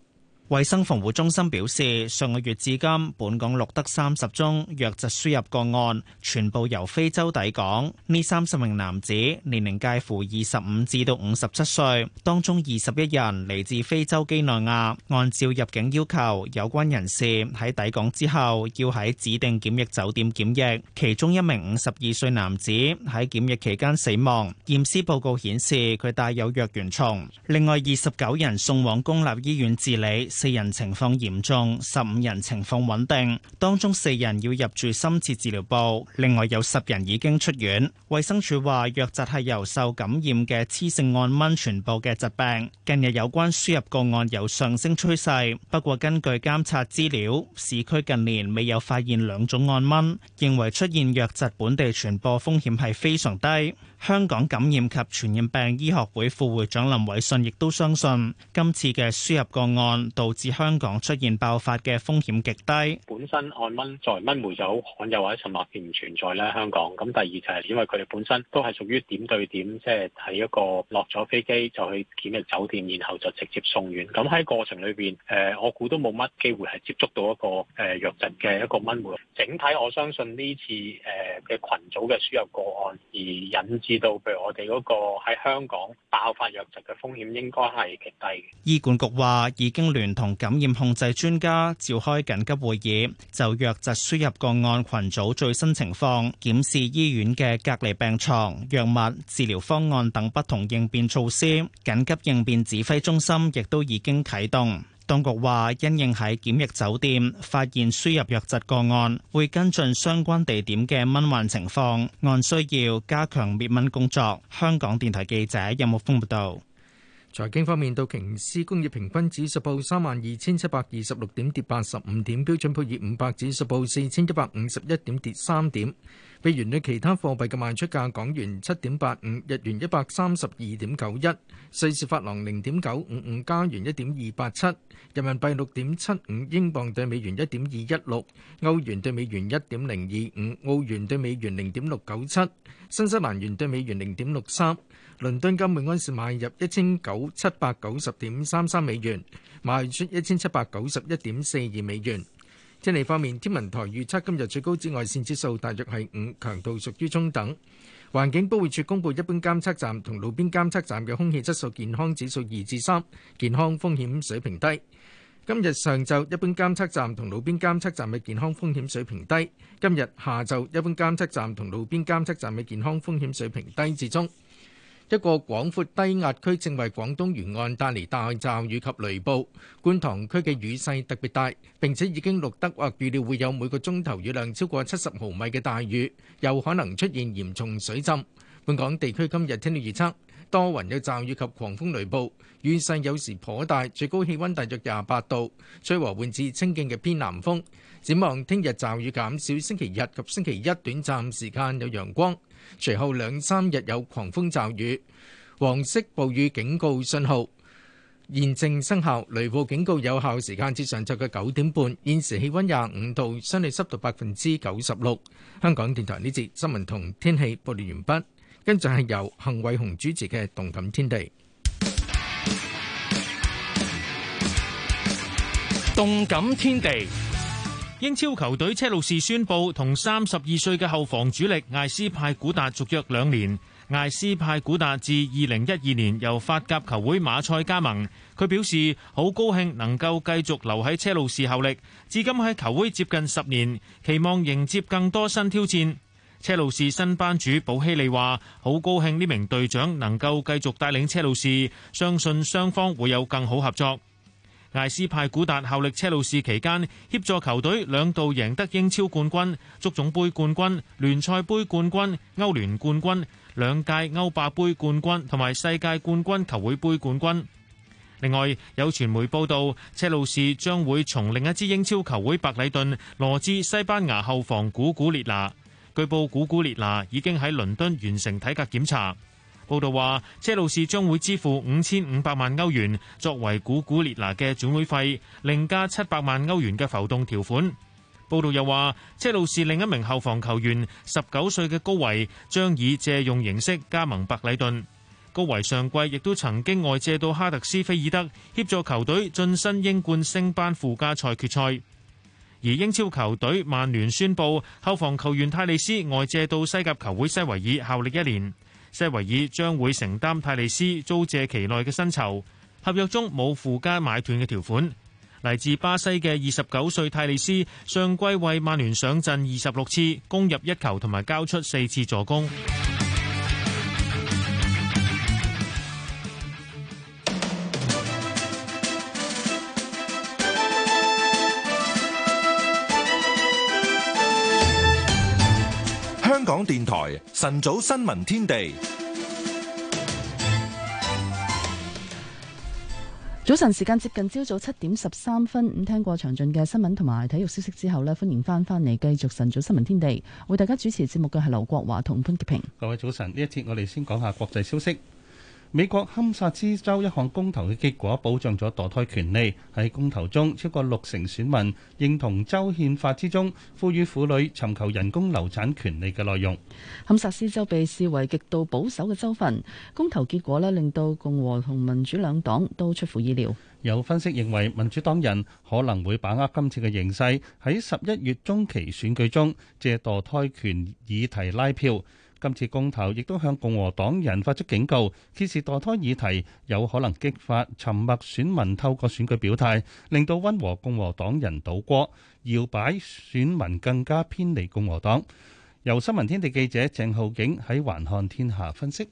衛生防護中心表示，上個月至今，本港錄得三十宗瘧疾輸入個案，全部由非洲抵港。呢三十名男子年齡介乎二十五至到五十七歲，當中二十一人嚟自非洲幾內亞。按照入境要求，有關人士喺抵港之後要喺指定檢疫酒店檢疫。其中一名五十二歲男子喺檢疫期間死亡，驗屍報告顯示佢帶有瘧原蟲。另外二十九人送往公立醫院治理。四人情況嚴重，十五人情況穩定，當中四人要入住深切治療部，另外有十人已經出院。衛生署話，瘧疾係由受感染嘅雌性按蚊傳播嘅疾病。近日有關輸入個案有上升趨勢，不過根據監察資料，市區近年未有發現兩種按蚊，認為出現瘧疾本地傳播風險係非常低。香港感染及傳染病醫學會副會長林偉信亦都相信，今次嘅輸入個案導致香港出現爆發嘅風險極低。本身按蚊作為蚊媒就好罕有又或者沉默並唔存在咧香港。咁第二就係因為佢哋本身都係屬於點對點，即係喺一個落咗飛機就去檢疫酒店，然後就直接送院。咁喺過程裏邊誒我估都冇乜機會係接觸到一個誒藥疾嘅一個蚊媒。整體我相信呢次誒嘅群組嘅輸入個案而引。至到，譬如我哋嗰個喺香港爆發瘧疾嘅風險應該，係極低。醫管局話已經聯同感染控制專家召開緊急會議，就瘧疾輸入個案群組最新情況檢視醫院嘅隔離病床藥物、治療方案等不同應變措施，緊急應變指揮中心亦都已經啟動。當局話，因應喺檢疫酒店發現輸入瘧疾個案，會跟進相關地點嘅蚊患情況，按需要加強滅蚊工作。香港電台記者任木峰報道。財經方面，道瓊斯工業平均指數報三萬二千七百二十六點，跌八十五點；標準普爾五百指數報四千一百五十一點，跌三點。美元兌其他貨幣嘅賣出價：港元七點八五，日元一百三十二點九一，瑞士法郎零點九五五，加元一點二八七，人民幣六點七五，英鎊對美元一點二一六，歐元對美元一點零二五，澳元對美元零點六九七，新西蘭元對美元零點六三。倫敦金每安士賣入一千九七百九十點三三美元，賣出一千七百九十一點四二美元。天氣方面，天文台預測今日最高紫外線指數大約係五，強度屬於中等。環境保護署公布，一般監測站同路邊監測站嘅空氣質素健康指數二至三，健康風險水平低。今日上晝，一般監測站同路邊監測站嘅健康風險水平低。今日下晝，一般監測站同路邊監測站嘅健康風險水平低至中。一個廣闊低壓區正為廣東沿岸帶嚟大驟雨及雷暴，觀塘區嘅雨勢特別大，並且已經錄得或預料會有每個鐘頭雨量超過七十毫米嘅大雨，有可能出現嚴重水浸。本港地區今日天氣預測多雲有驟雨及狂風雷暴，雨勢有時頗大，最高氣溫大約廿八度，吹和緩至清勁嘅偏南風。展望聽日驟雨減少，星期日及星期一短暫時間有陽光。隨後兩三日有狂風驟雨，黃色暴雨警告信號現正生效，雷暴警告有效時間至上晝嘅九點半。現時氣溫廿五度，相對濕度百分之九十六。香港電台呢節新聞同天氣報告完畢，跟住係由幸偉雄主持嘅《動感天地》。《動感天地》英超球隊車路士宣布同三十二歲嘅後防主力艾斯派古達續約兩年。艾斯派古達自二零一二年由法甲球會馬賽加盟，佢表示好高興能夠繼續留喺車路士效力，至今喺球會接近十年，期望迎接更多新挑戰。車路士新班主保希利話：好高興呢名隊長能夠繼續帶領車路士，相信雙方會有更好合作。艾斯派古達效力車路士期間，協助球隊兩度贏得英超冠軍、足總杯冠軍、聯賽杯冠軍、歐聯冠軍、兩屆歐霸杯冠軍同埋世界冠軍球會杯冠軍。另外有傳媒報道，車路士將會從另一支英超球會白禮頓羅致西班牙後防古古列拿。據報古古列拿已經喺倫敦完成體格檢查。報道話，車路士將會支付五千五百萬歐元作為古古列拿嘅轉會費，另加七百萬歐元嘅浮動條款。報道又話，車路士另一名後防球員十九歲嘅高維將以借用形式加盟白禮頓。高維上季亦都曾經外借到哈特斯菲爾德協助球隊晉身英冠升班附加賽決賽。而英超球隊曼聯宣佈後防球員泰利斯外借到西甲球會西維爾效力一年。西維爾將會承擔泰利斯租借期內嘅薪酬，合約中冇附加買斷嘅條款。嚟自巴西嘅二十九歲泰利斯，上季為曼聯上陣二十六次，攻入一球同埋交出四次助攻。電台晨早新聞天地，早晨時間接近朝早七點十三分，咁聽過詳盡嘅新聞同埋體育消息之後呢，歡迎返返嚟繼續晨早新聞天地，為大家主持節目嘅係劉國華同潘潔平。各位早晨，呢一節我哋先講下國際消息。美國堪薩斯州一項公投嘅結果保障咗墮胎權利。喺公投中，超過六成選民認同州憲法之中賦予婦女尋求人工流產權利嘅內容。堪薩斯州被視為極度保守嘅州份，公投結果呢令到共和同民主兩黨都出乎意料。有分析認為，民主黨人可能會把握今次嘅形勢，喺十一月中期選舉中借墮胎權議題拉票。今次公投亦都向共和黨人發出警告，揭示墮胎議題有可能激發沉默選民透過選舉表態，令到溫和共和黨人倒戈，搖擺選民更加偏離共和黨。由新聞天地記者鄭浩景喺《環看天下》分析，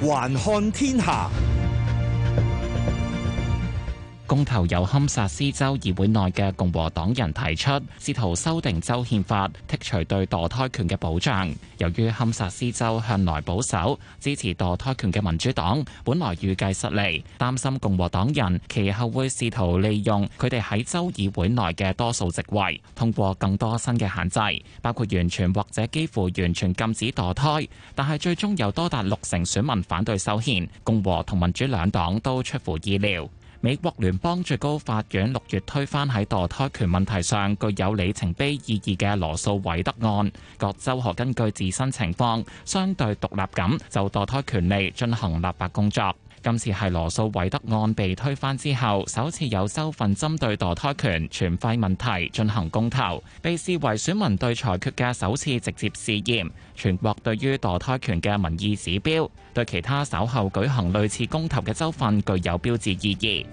《環看天下》。公投由堪薩斯州議會內嘅共和黨人提出，試圖修訂州憲法，剔除對墮胎權嘅保障。由於堪薩斯州向來保守，支持墮胎權嘅民主黨本來預計失利，擔心共和黨人其後會試圖利用佢哋喺州議會內嘅多數席位，通過更多新嘅限制，包括完全或者幾乎完全禁止墮胎。但係最終有多達六成選民反對修憲，共和同民主兩黨都出乎意料。美國聯邦最高法院六月推翻喺墮胎權問題上具有里程碑意義嘅羅訴韋德案，各州可根據自身情況，相對獨立咁就墮胎權利進行立法工作。今次係羅素韋德案被推翻之後，首次有州份針對墮胎權全廢問題進行公投，被視為選民對裁決嘅首次直接試驗。全國對於墮胎權嘅民意指標，對其他稍後舉行類似公投嘅州份具有標誌意義。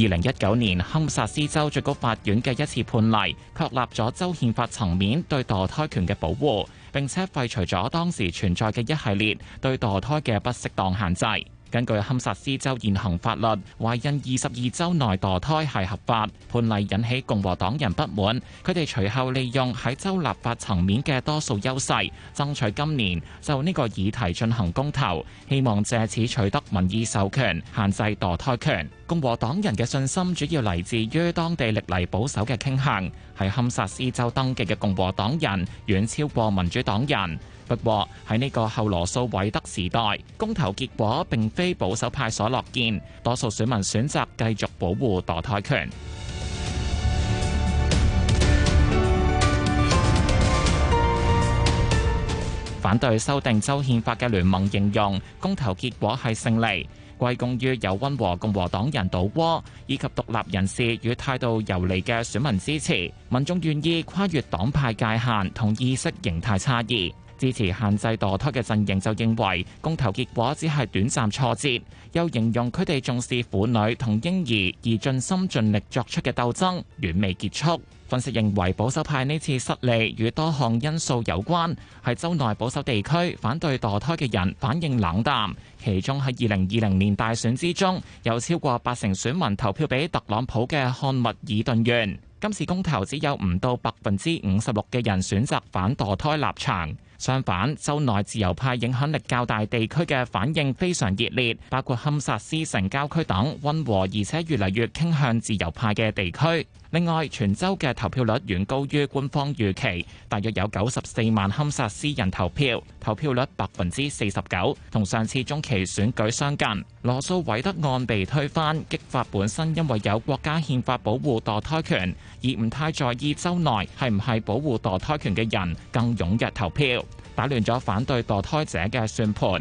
二零一九年堪薩斯州最高法院嘅一次判例，確立咗州憲法層面對墮胎權嘅保護，並且廢除咗當時存在嘅一系列對墮胎嘅不適當限制。根據堪薩斯州現行法律，懷孕二十二週內墮胎係合法判例，引起共和黨人不滿。佢哋隨後利用喺州立法層面嘅多數優勢，爭取今年就呢個議題進行公投，希望借此取得民意授權限制墮胎權。共和黨人嘅信心主要嚟自於當地歷嚟保守嘅傾向，喺堪薩斯州登記嘅共和黨人遠超過民主黨人。不過喺呢個後羅素韋德時代，公投結果並非保守派所樂見，多數選民選擇繼續保護墮胎權。反對修訂州憲法嘅聯盟形容公投結果係勝利，歸功於有溫和共和黨人倒戈，以及獨立人士與態度遊離嘅選民支持。民眾願意跨越黨派界限同意識形態差異。支持限制墮胎嘅陣營就認為公投結果只係短暫挫折，又形容佢哋重視婦女同嬰兒而盡心盡力作出嘅鬥爭遠未結束。分析認為保守派呢次失利與多項因素有關，係州內保守地區反對墮胎嘅人反應冷淡，其中喺二零二零年大選之中有超過八成選民投票俾特朗普嘅漢密爾頓縣，今次公投只有唔到百分之五十六嘅人選擇反墮胎立場。相反，州內自由派影響力較大地區嘅反應非常熱烈，包括堪薩斯城郊區等溫和而且越嚟越傾向自由派嘅地區。另外，全州嘅投票率遠高於官方預期，大約有九十四萬堪薩斯人投票，投票率百分之四十九，同上次中期選舉相近。羅素·韋德案被推翻，激發本身因為有國家憲法保護墮胎權，而唔太在意州內係唔係保護墮胎權嘅人，更踴躍投票，打亂咗反對墮胎者嘅算盤。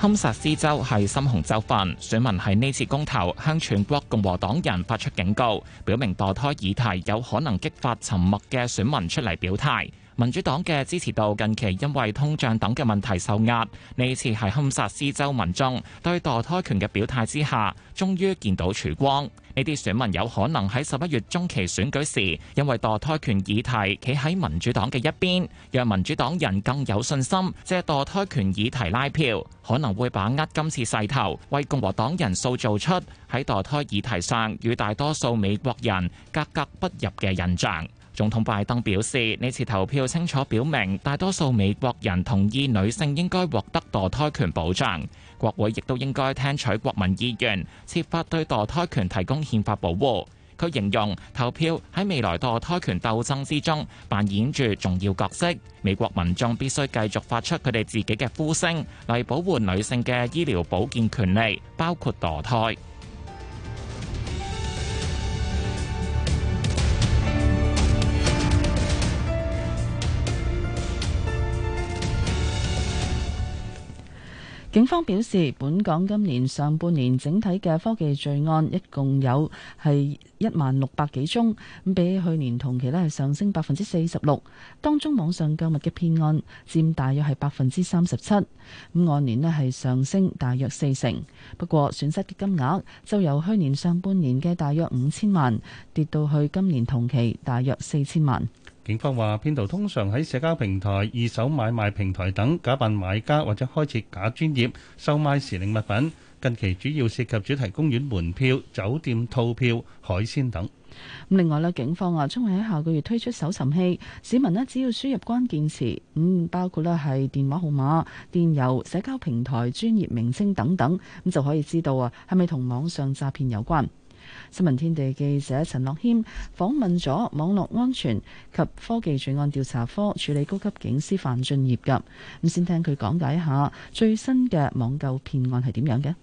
堪薩斯州係深紅州份，選民喺呢次公投向全國共和黨人發出警告，表明墮胎議題有可能激發沉默嘅選民出嚟表態。民主黨嘅支持度近期因為通脹等嘅問題受壓，呢次喺堪薩斯州民眾對墮胎權嘅表態之下，終於見到曙光。呢啲選民有可能喺十一月中期選舉時，因為墮胎權議題企喺民主黨嘅一邊，讓民主黨人更有信心借墮胎權議題拉票，可能會把握今次勢頭，為共和黨人塑造出喺墮胎議題上與大多數美國人格格不入嘅印象。總統拜登表示，呢次投票清楚表明大多數美國人同意女性應該獲得墮胎權保障。國會亦都應該聽取國民意願，設法對墮胎權提供憲法保護。佢形容投票喺未來墮胎權鬥爭之中扮演住重要角色。美國民眾必須繼續發出佢哋自己嘅呼聲，嚟保護女性嘅醫療保健權利，包括墮胎。警方表示，本港今年上半年整體嘅科技罪案一共有係一萬六百幾宗，咁比去年同期咧，係上升百分之四十六。當中網上購物嘅騙案佔大約係百分之三十七，咁按年咧，係上升大約四成。不過損失嘅金額就由去年上半年嘅大約五千萬跌到去今年同期大約四千萬。警方話，騙徒通常喺社交平台、二手買賣平台等假扮買家，或者開設假專業，售賣時令物品。近期主要涉及主題公園門票、酒店套票、海鮮等。咁另外咧，警方啊，將會喺下個月推出搜尋器，市民咧只要輸入關鍵詞，咁包括咧係電話號碼、電郵、社交平台、專業名稱等等，咁就可以知道啊，係咪同網上詐騙有關。新聞天地記者陳樂謙訪問咗網絡安全及科技罪案調查科處理高級警司范俊業噶，咁先聽佢講解一下最新嘅網購騙案係點樣嘅。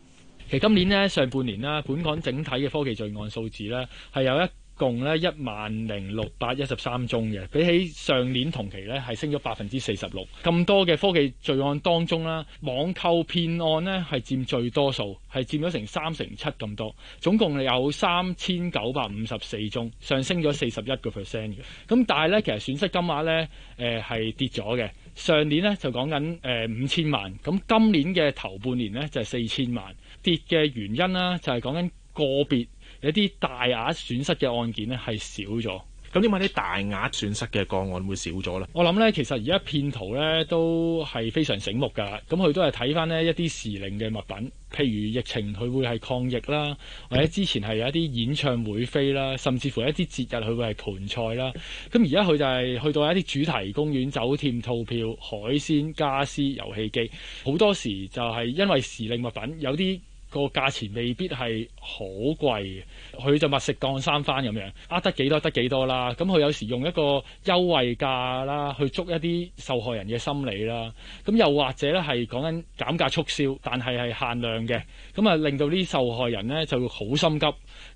其實今年呢，上半年呢，本港整體嘅科技罪案數字呢，係有一。共咧一萬零六百一十三宗嘅，比起上年同期咧係升咗百分之四十六。咁多嘅科技罪案當中啦，網購騙案呢係佔最多數，係佔咗成三成七咁多。總共有三千九百五十四宗，上升咗四十一個 percent 嘅。咁但係咧，其實損失金額咧，誒、呃、係跌咗嘅。上年咧就講緊誒五千萬，咁今年嘅頭半年咧就係四千萬，跌嘅原因啦就係講緊個別。一啲大額損失嘅案件呢係少咗，咁點解啲大額損失嘅個案會少咗呢？我諗呢其實而家騙徒呢都係非常醒目㗎，咁佢都係睇返呢一啲時令嘅物品，譬如疫情佢會係抗疫啦，或者之前係有一啲演唱會飛啦，甚至乎一啲節日佢會係盆菜啦。咁而家佢就係去到一啲主題公園、酒店套票、海鮮、家私、遊戲機，好多時就係因為時令物品有啲。個價錢未必係好貴，佢就物極當三番咁樣，呃得幾多得幾多啦。咁佢有時用一個優惠價啦，去捉一啲受害人嘅心理啦。咁又或者咧係講緊減價促銷，但係係限量嘅。咁啊令到啲受害人呢就會好心急。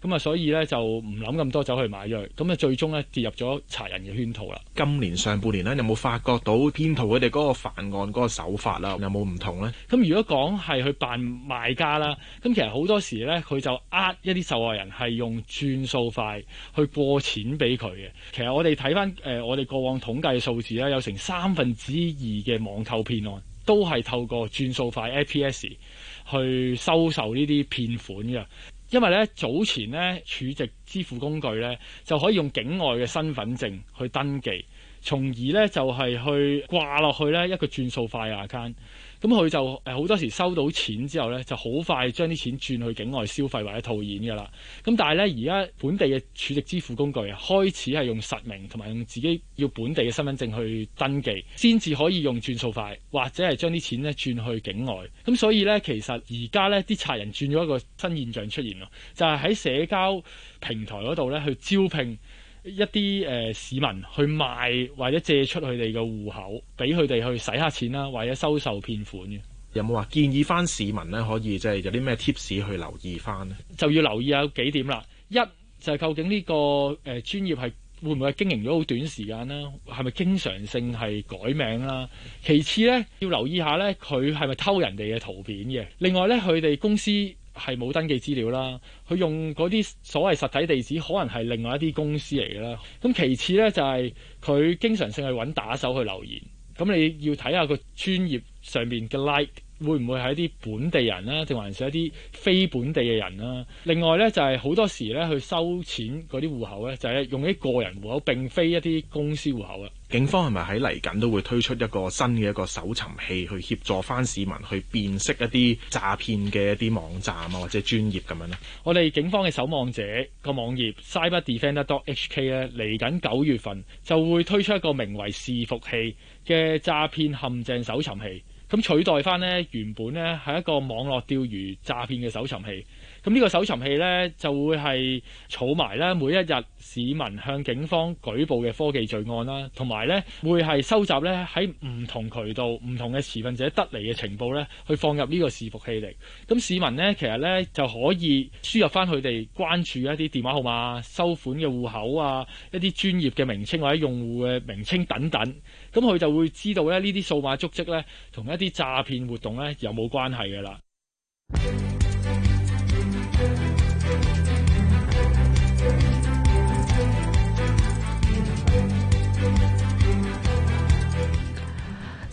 咁啊所以呢，就唔諗咁多走去買藥，咁啊最終呢，跌入咗賊人嘅圈套啦。今年上半年呢，有冇發覺到編圖佢哋嗰個犯案嗰個手法啦，有冇唔同呢？咁如果講係去扮賣家啦。咁其實好多時呢，佢就呃一啲受害人係用轉數快去過錢俾佢嘅。其實我哋睇返誒我哋過往統計嘅數字咧，有成三分之二嘅網購騙案都係透過轉數快 FPS 去收受呢啲騙款嘅。因為呢，早前呢，儲值支付工具呢就可以用境外嘅身份證去登記，從而呢就係、是、去掛落去呢一個轉數快 account。咁佢就誒好多時收到錢之後呢，就好快將啲錢轉去境外消費或者套現㗎啦。咁但係呢，而家本地嘅儲值支付工具啊，開始係用實名同埋用自己要本地嘅身份證去登記，先至可以用轉數快或者係將啲錢呢轉去境外。咁所以呢，其實而家呢啲賊人轉咗一個新現象出現咯，就係喺社交平台嗰度呢去招聘。一啲誒、呃、市民去賣或者借出佢哋嘅戶口，俾佢哋去洗下錢啦，或者收受騙款嘅。有冇話建議翻市民咧，可以即係有啲咩 tips 去留意翻咧？就要留意下有幾點啦。一就係、是、究竟呢、這個誒、呃、專業係會唔會經營咗好短時間啦？係咪經常性係改名啦？其次呢，要留意下呢，佢係咪偷人哋嘅圖片嘅？另外呢，佢哋公司。係冇登記資料啦，佢用嗰啲所謂實體地址，可能係另外一啲公司嚟嘅啦。咁其次呢，就係、是、佢經常性係揾打手去留言，咁你要睇下個專業上面嘅 like 會唔會係一啲本地人啦，定還是一啲非本地嘅人啦？另外呢，就係、是、好多時呢，去收錢嗰啲戶口呢，就係、是、用一個人戶口，並非一啲公司戶口啊。警方係咪喺嚟緊都會推出一個新嘅一個搜尋器，去協助翻市民去辨識一啲詐騙嘅一啲網站啊，或者專業咁樣咧？ 我哋警方嘅守望者、個網頁 Cyberdefender.hk 咧，嚟緊九月份就會推出一個名為伺服器嘅詐騙陷阱搜尋器，咁取代翻呢原本呢係一個網絡釣魚詐騙嘅搜尋器。咁呢個搜尋器呢就會係儲埋咧每一日市民向警方舉報嘅科技罪案啦，同埋呢會係收集呢喺唔同渠道、唔同嘅持份者得嚟嘅情報呢去放入呢個伺服器嚟。咁市民呢其實呢就可以輸入返佢哋關注一啲電話號碼、收款嘅戶口啊、一啲專業嘅名稱或者用戶嘅名稱等等，咁佢就會知道咧呢啲數碼足跡呢同一啲詐騙活動呢有冇關係㗎喇。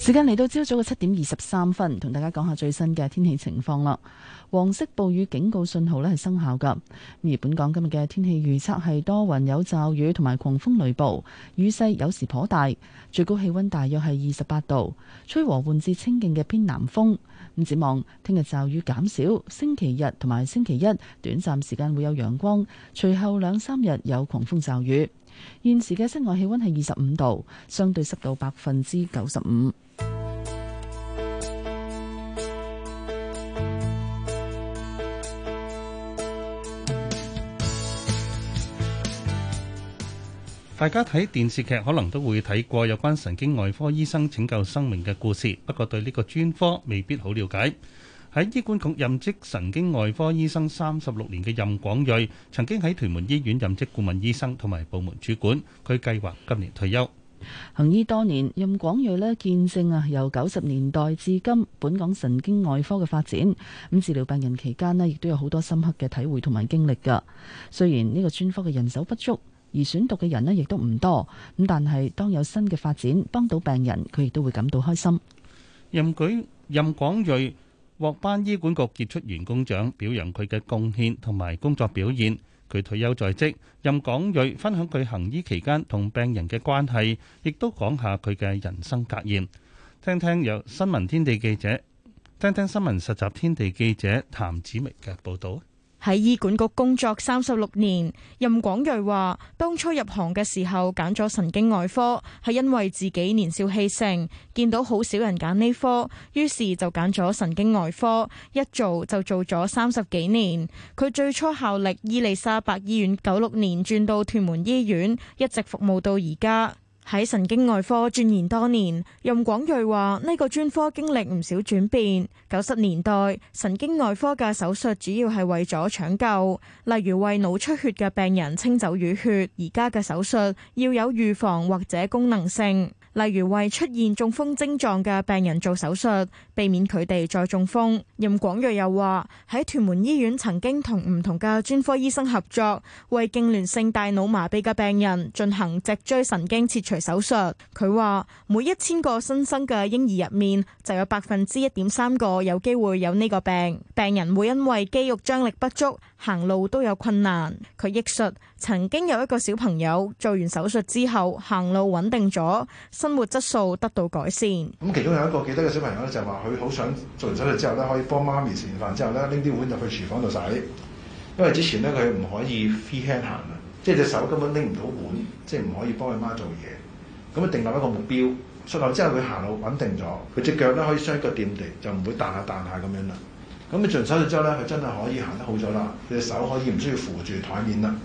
時間嚟到朝早嘅七點二十三分，同大家講下最新嘅天氣情況啦。黃色暴雨警告信號咧係生效噶。而本港今日嘅天氣預測係多雲有驟雨同埋狂風雷暴，雨勢有時頗大，最高氣溫大約係二十八度，吹和緩至清勁嘅偏南風。咁展望聽日驟雨減少，星期日同埋星期一短暫時間會有陽光，隨後兩三日有狂風驟雨。現時嘅室外氣溫係二十五度，相對濕度百分之九十五。大家睇電視劇可能都會睇過有關神經外科醫生拯救生命嘅故事，不過對呢個專科未必好了解。喺醫管局任職神經外科醫生三十六年嘅任廣瑞，曾經喺屯門醫院任職顧問醫生同埋部門主管，佢計劃今年退休。行醫多年，任廣瑞呢，見證啊，由九十年代至今，本港神經外科嘅發展。咁治療病人期間呢，亦都有好多深刻嘅體會同埋經歷㗎。雖然呢個專科嘅人手不足。而選讀嘅人呢，亦都唔多咁，但係當有新嘅發展幫到病人，佢亦都會感到開心。任舉任廣瑞獲頒醫管局傑出員工獎，表揚佢嘅貢獻同埋工作表現。佢退休在職，任廣瑞分享佢行醫期間同病人嘅關係，亦都講下佢嘅人生格言。聽聽有新聞天地記者，聽聽新聞實習天地記者譚子明嘅報道。喺醫管局工作三十六年，任廣瑞話：當初入行嘅時候揀咗神經外科，係因為自己年少氣盛，見到好少人揀呢科，於是就揀咗神經外科，一做就做咗三十幾年。佢最初效力伊利沙伯醫院，九六年轉到屯門醫院，一直服務到而家。喺神經外科鑽研多年，任廣鋭話：呢個專科經歷唔少轉變。九十年代，神經外科嘅手術主要係為咗搶救，例如為腦出血嘅病人清走淤血。而家嘅手術要有預防或者功能性。例如為出現中風症狀嘅病人做手術，避免佢哋再中風。任廣瑞又話喺屯門醫院曾經同唔同嘅專科醫生合作，為痙攣性大腦麻痹嘅病人進行脊椎神經切除手術。佢話每一千個新生嘅嬰兒入面就有百分之一點三個有機會有呢個病。病人會因為肌肉張力不足，行路都有困難。佢憶述曾經有一個小朋友做完手術之後行路穩定咗。生活質素得到改善。咁其中有一個記得嘅小朋友咧，就話佢好想做完手術之後咧，可以幫媽咪食完飯之後咧，拎啲碗入去廚房度洗。因為之前咧，佢唔可以 free hand 行啊，即係隻手根本拎唔到碗，即係唔可以幫佢媽做嘢。咁啊，定立一個目標。術後之後佢行路穩定咗，佢隻腳咧可以雙腳掂地，就唔會彈下彈下咁樣啦。咁啊，做完手術之後咧，佢真係可以行得好咗啦。佢隻手可以唔需要扶住台面啦，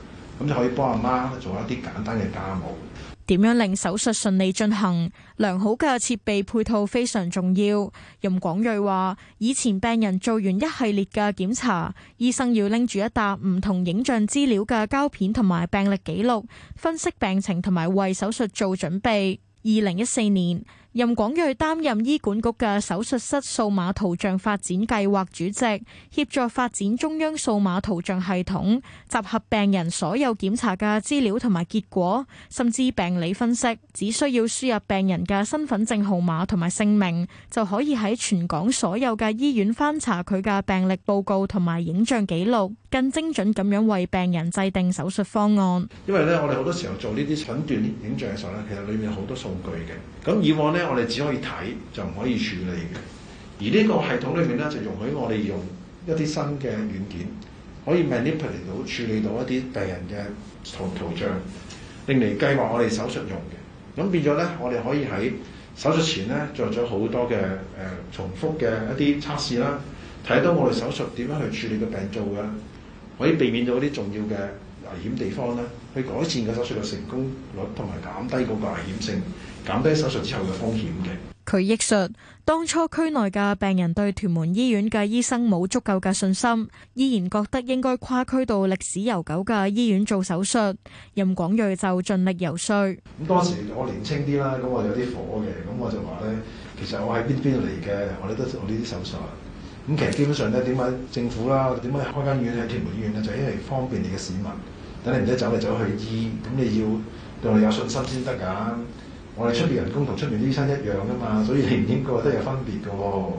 咁就可以幫阿媽做一啲簡單嘅家務。點樣令手術順利進行？良好嘅設備配套非常重要。任廣瑞話：以前病人做完一系列嘅檢查，醫生要拎住一沓唔同影像資料嘅膠片同埋病歷記錄，分析病情同埋為手術做準備。二零一四年。任廣瑞擔任醫管局嘅手術室數碼圖像發展計劃主席，協助發展中央數碼圖像系統，集合病人所有檢查嘅資料同埋結果，甚至病理分析，只需要輸入病人嘅身份證號碼同埋姓名，就可以喺全港所有嘅醫院翻查佢嘅病歷報告同埋影像記錄，更精準咁樣為病人制定手術方案，因為咧，我哋好多時候做呢啲診斷影像嘅時候咧，其實裏面有好多數據嘅。咁以往咧，我哋只可以睇就唔可以處理嘅。而呢個系統裏面咧，就容許我哋用一啲新嘅軟件，可以 manipulate 到處理到一啲病人嘅圖圖像，令嚟計劃我哋手術用嘅。咁變咗咧，我哋可以喺手術前咧做咗好多嘅誒、呃、重複嘅一啲測試啦，睇到我哋手術點樣去處理個病灶嘅。可以避免咗啲重要嘅危險地方咧，去改善個手術嘅成功率，同埋減低個危險性，減低手術之後嘅風險嘅。佢憶述，當初區內嘅病人對屯門醫院嘅醫生冇足夠嘅信心，依然覺得應該跨區到歷史悠久嘅醫院做手術，任廣銳就盡力游說。咁當時我年輕啲啦，咁我有啲火嘅，咁我就話咧，其實我喺邊邊嚟嘅，我哋都做呢啲手術。咁其實基本上咧，點解政府啦，點解開間醫院喺屯門醫院咧，就係因為方便你嘅市民，等你唔使走嚟走去醫，咁你要對我哋有信心先得㗎。我哋出面人工同出面醫生一樣㗎嘛，所以你唔應該話有分別㗎喎、哦。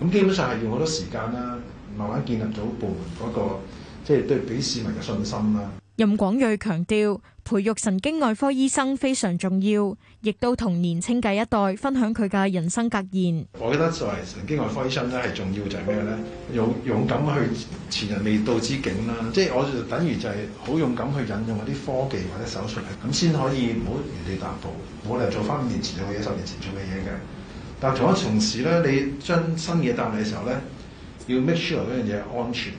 咁基本上係用好多時間啦，慢慢建立到部門嗰個，即係對俾市民嘅信心啦。任廣瑞強調培育神經外科醫生非常重要，亦都同年青嘅一代分享佢嘅人生格言。我覺得所謂神經外科醫生咧，係重要就係咩咧？勇勇敢去前人未到之境啦，即係我等於就係好勇敢去引用啲科技或者手術嚟，咁先可以唔好原地踏步，冇理由做翻五年前做嘅嘢，十年前做嘅嘢嘅。但係同時咧，你將新嘢答你嘅時候咧，要 make sure 嗰樣嘢係安全。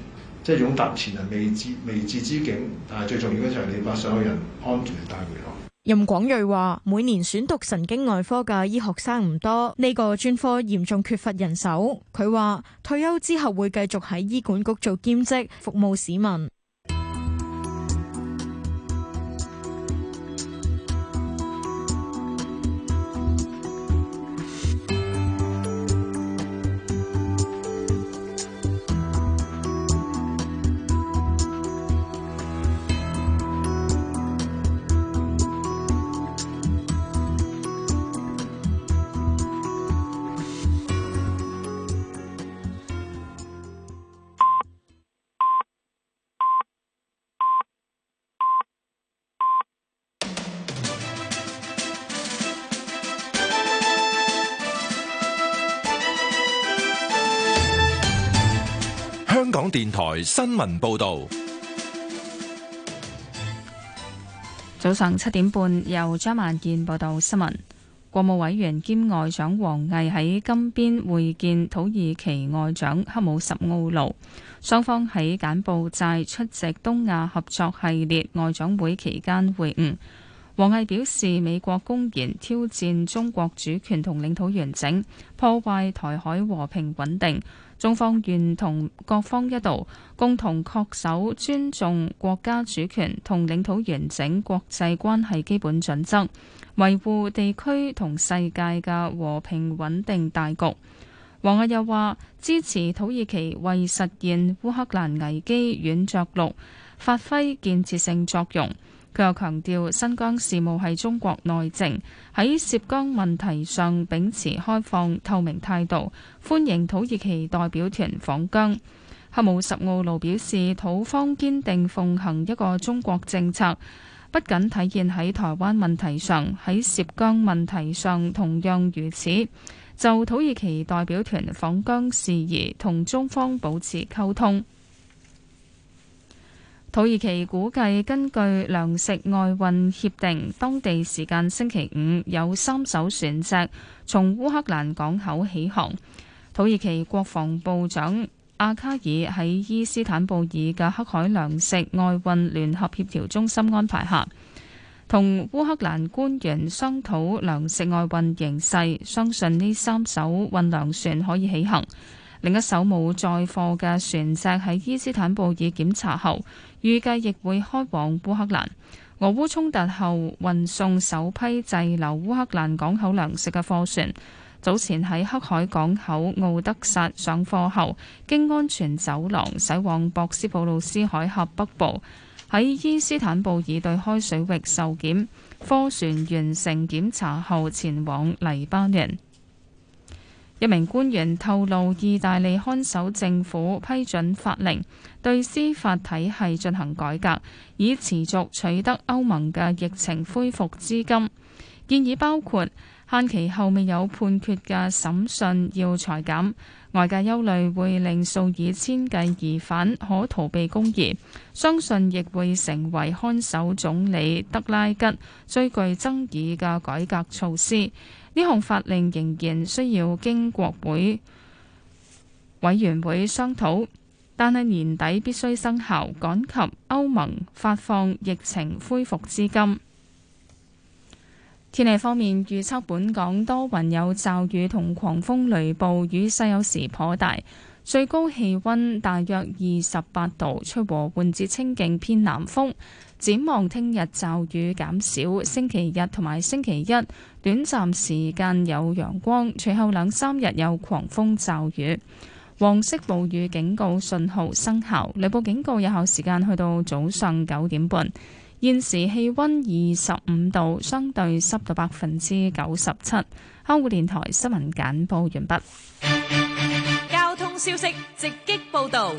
即係勇踏前人未知未知之境，但係最重要嘅就係你把所有人安全帶回來。任廣瑞話：每年選讀神經外科嘅醫學生唔多，呢個專科嚴重缺乏人手。佢話退休之後會繼續喺醫管局做兼職，服務市民。電台新聞報道：早上七點半，由張萬健報道新聞。國務委員兼外長王毅喺金邊會見土耳其外長黑姆什奧盧，雙方喺柬埔寨出席東亞合作系列外長會期間會晤。王毅表示，美國公然挑戰中國主權同領土完整，破壞台海和平穩定。中方願同各方一道，共同恪守尊重國家主權同領土完整、國際關係基本準則，維護地區同世界嘅和平穩定大局。王毅又話，支持土耳其為實現烏克蘭危機軟着陸，發揮建設性作用。佢又強調新疆事務係中國內政，喺涉疆問題上秉持開放透明態度，歡迎土耳其代表團訪疆。恰武什奧盧表示，土方堅定奉行一個中國政策，不僅體現喺台灣問題上，喺涉疆問題上同樣如此。就土耳其代表團訪疆事宜，同中方保持溝通。土耳其估計根據糧食外運協定，當地時間星期五有三艘船隻從烏克蘭港口起航。土耳其國防部長阿卡爾喺伊斯坦布爾嘅黑海糧食外運聯合協調中心安排下，同烏克蘭官員商討糧食外運形勢，相信呢三艘運糧船可以起航。另一艘冇載貨嘅船隻喺伊斯坦布爾檢查後，預計亦會開往烏克蘭。俄烏衝突後運送首批滯留烏克蘭港口糧食嘅貨船，早前喺黑海港口敖德薩上貨後，經安全走廊駛往博斯普魯斯海峽北部，喺伊斯坦布爾對開水域受檢。貨船完成檢查後，前往黎巴嫩。一名官員透露，意大利看守政府批准法令對司法體系進行改革，以持續取得歐盟嘅疫情恢復資金。建議包括限期後未有判決嘅審訊要裁減。外界憂慮會令數以千計疑犯可逃避公義，相信亦會成為看守總理德拉吉最具爭議嘅改革措施。呢項法令仍然需要經國會委員會商討，但係年底必須生效，趕及歐盟發放疫情恢復資金。天氣方面預測，預測本港多雲有驟雨同狂風雷暴雨勢，有時頗大，最高氣温大約二十八度，吹和緩至清勁偏南風。展望聽日驟雨減少，星期日同埋星期一短暫時間有陽光，隨後兩三日有狂風驟雨。黃色暴雨警告信號生效，雷暴警告有效時間去到早上九點半。現時氣温二十五度，相對濕度百分之九十七。香港電台新聞簡報完畢。交通消息直擊報導。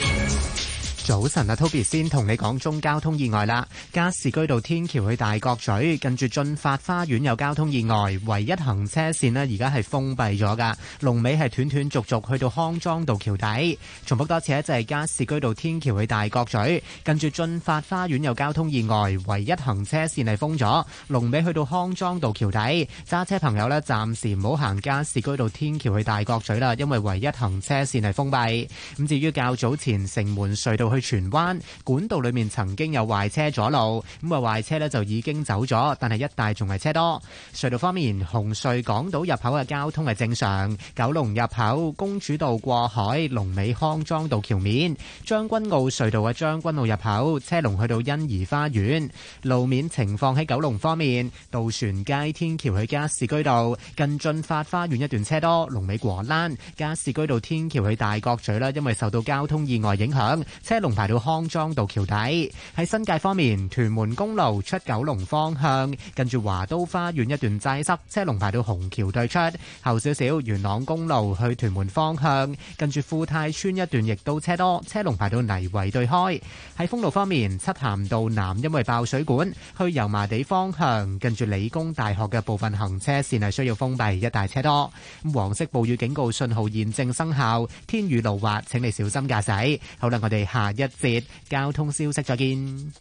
早晨啊，Toby 先同你講中交通意外啦。加士居道天橋去大角咀，近住駿發花園有交通意外，唯一行車線呢而家係封閉咗噶。龍尾係斷斷續續去到康莊道橋底。重複多次呢，就係加士居道天橋去大角咀，近住駿發花園有交通意外，唯一行車線係封咗。龍尾去到康莊道橋底，揸車朋友呢，暫時唔好行加士居道天橋去大角咀啦，因為唯一行車線係封閉。咁至於較早前城門隧道，去荃灣管道裏面曾經有壞車阻路，咁啊壞車呢，就已經走咗，但係一帶仲係車多。隧道方面，紅隧港島入口嘅交通係正常。九龍入口公主道過海、龍尾康莊道橋面、將軍澳隧道嘅將軍澳入口車龍去到欣怡花園。路面情況喺九龍方面，渡船街天橋去加士居道近駿發花園一段車多，龍尾過欄。加士居道天橋去大角咀啦，因為受到交通意外影響車。車龍排到康莊道橋底。喺新界方面，屯門公路出九龍方向，近住華都花園一段擠塞，車龍排到虹橋對出。後少少，元朗公路去屯門方向，近住富泰村一段亦都車多，車龍排到泥圍對開。喺封路方面，漆咸道南因為爆水管，去油麻地方向，近住理工大學嘅部分行車線係需要封閉，一帶車多。咁黃色暴雨警告信號現正生效，天雨路滑，請你小心駕駛。好啦，我哋下。一節交通消息，再見。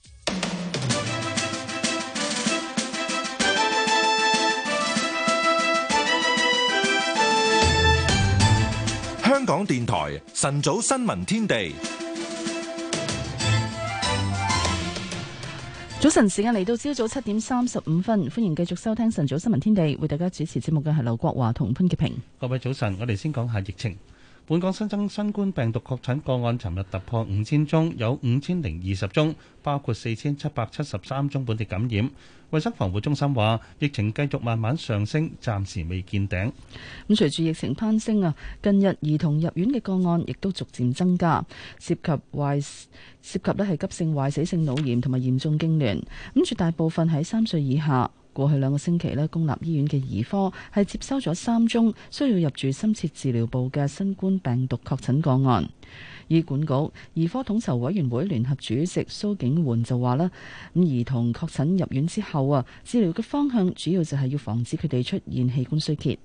香港電台晨早新聞天地，早晨時間嚟到，朝早七點三十五分，歡迎繼續收聽晨早新聞天地，為大家主持節目嘅係劉國華同潘潔平。各位早晨，我哋先講下疫情。本港新增新冠病毒確診個案，尋日突破五千宗，有五千零二十宗，包括四千七百七十三宗本地感染。衛生防護中心話，疫情繼續慢慢上升，暫時未見頂。咁隨住疫情攀升啊，近日兒童入院嘅個案亦都逐漸增加，涉及壞涉及呢係急性壞死性腦炎同埋嚴重痙攣，咁絕大部分喺三歲以下。過去兩個星期咧，公立醫院嘅兒科係接收咗三宗需要入住深切治療部嘅新冠病毒確診個案。醫管局兒科統籌委員會聯合主席蘇景煥就話啦，咁兒童確診入院之後啊，治療嘅方向主要就係要防止佢哋出現器官衰竭。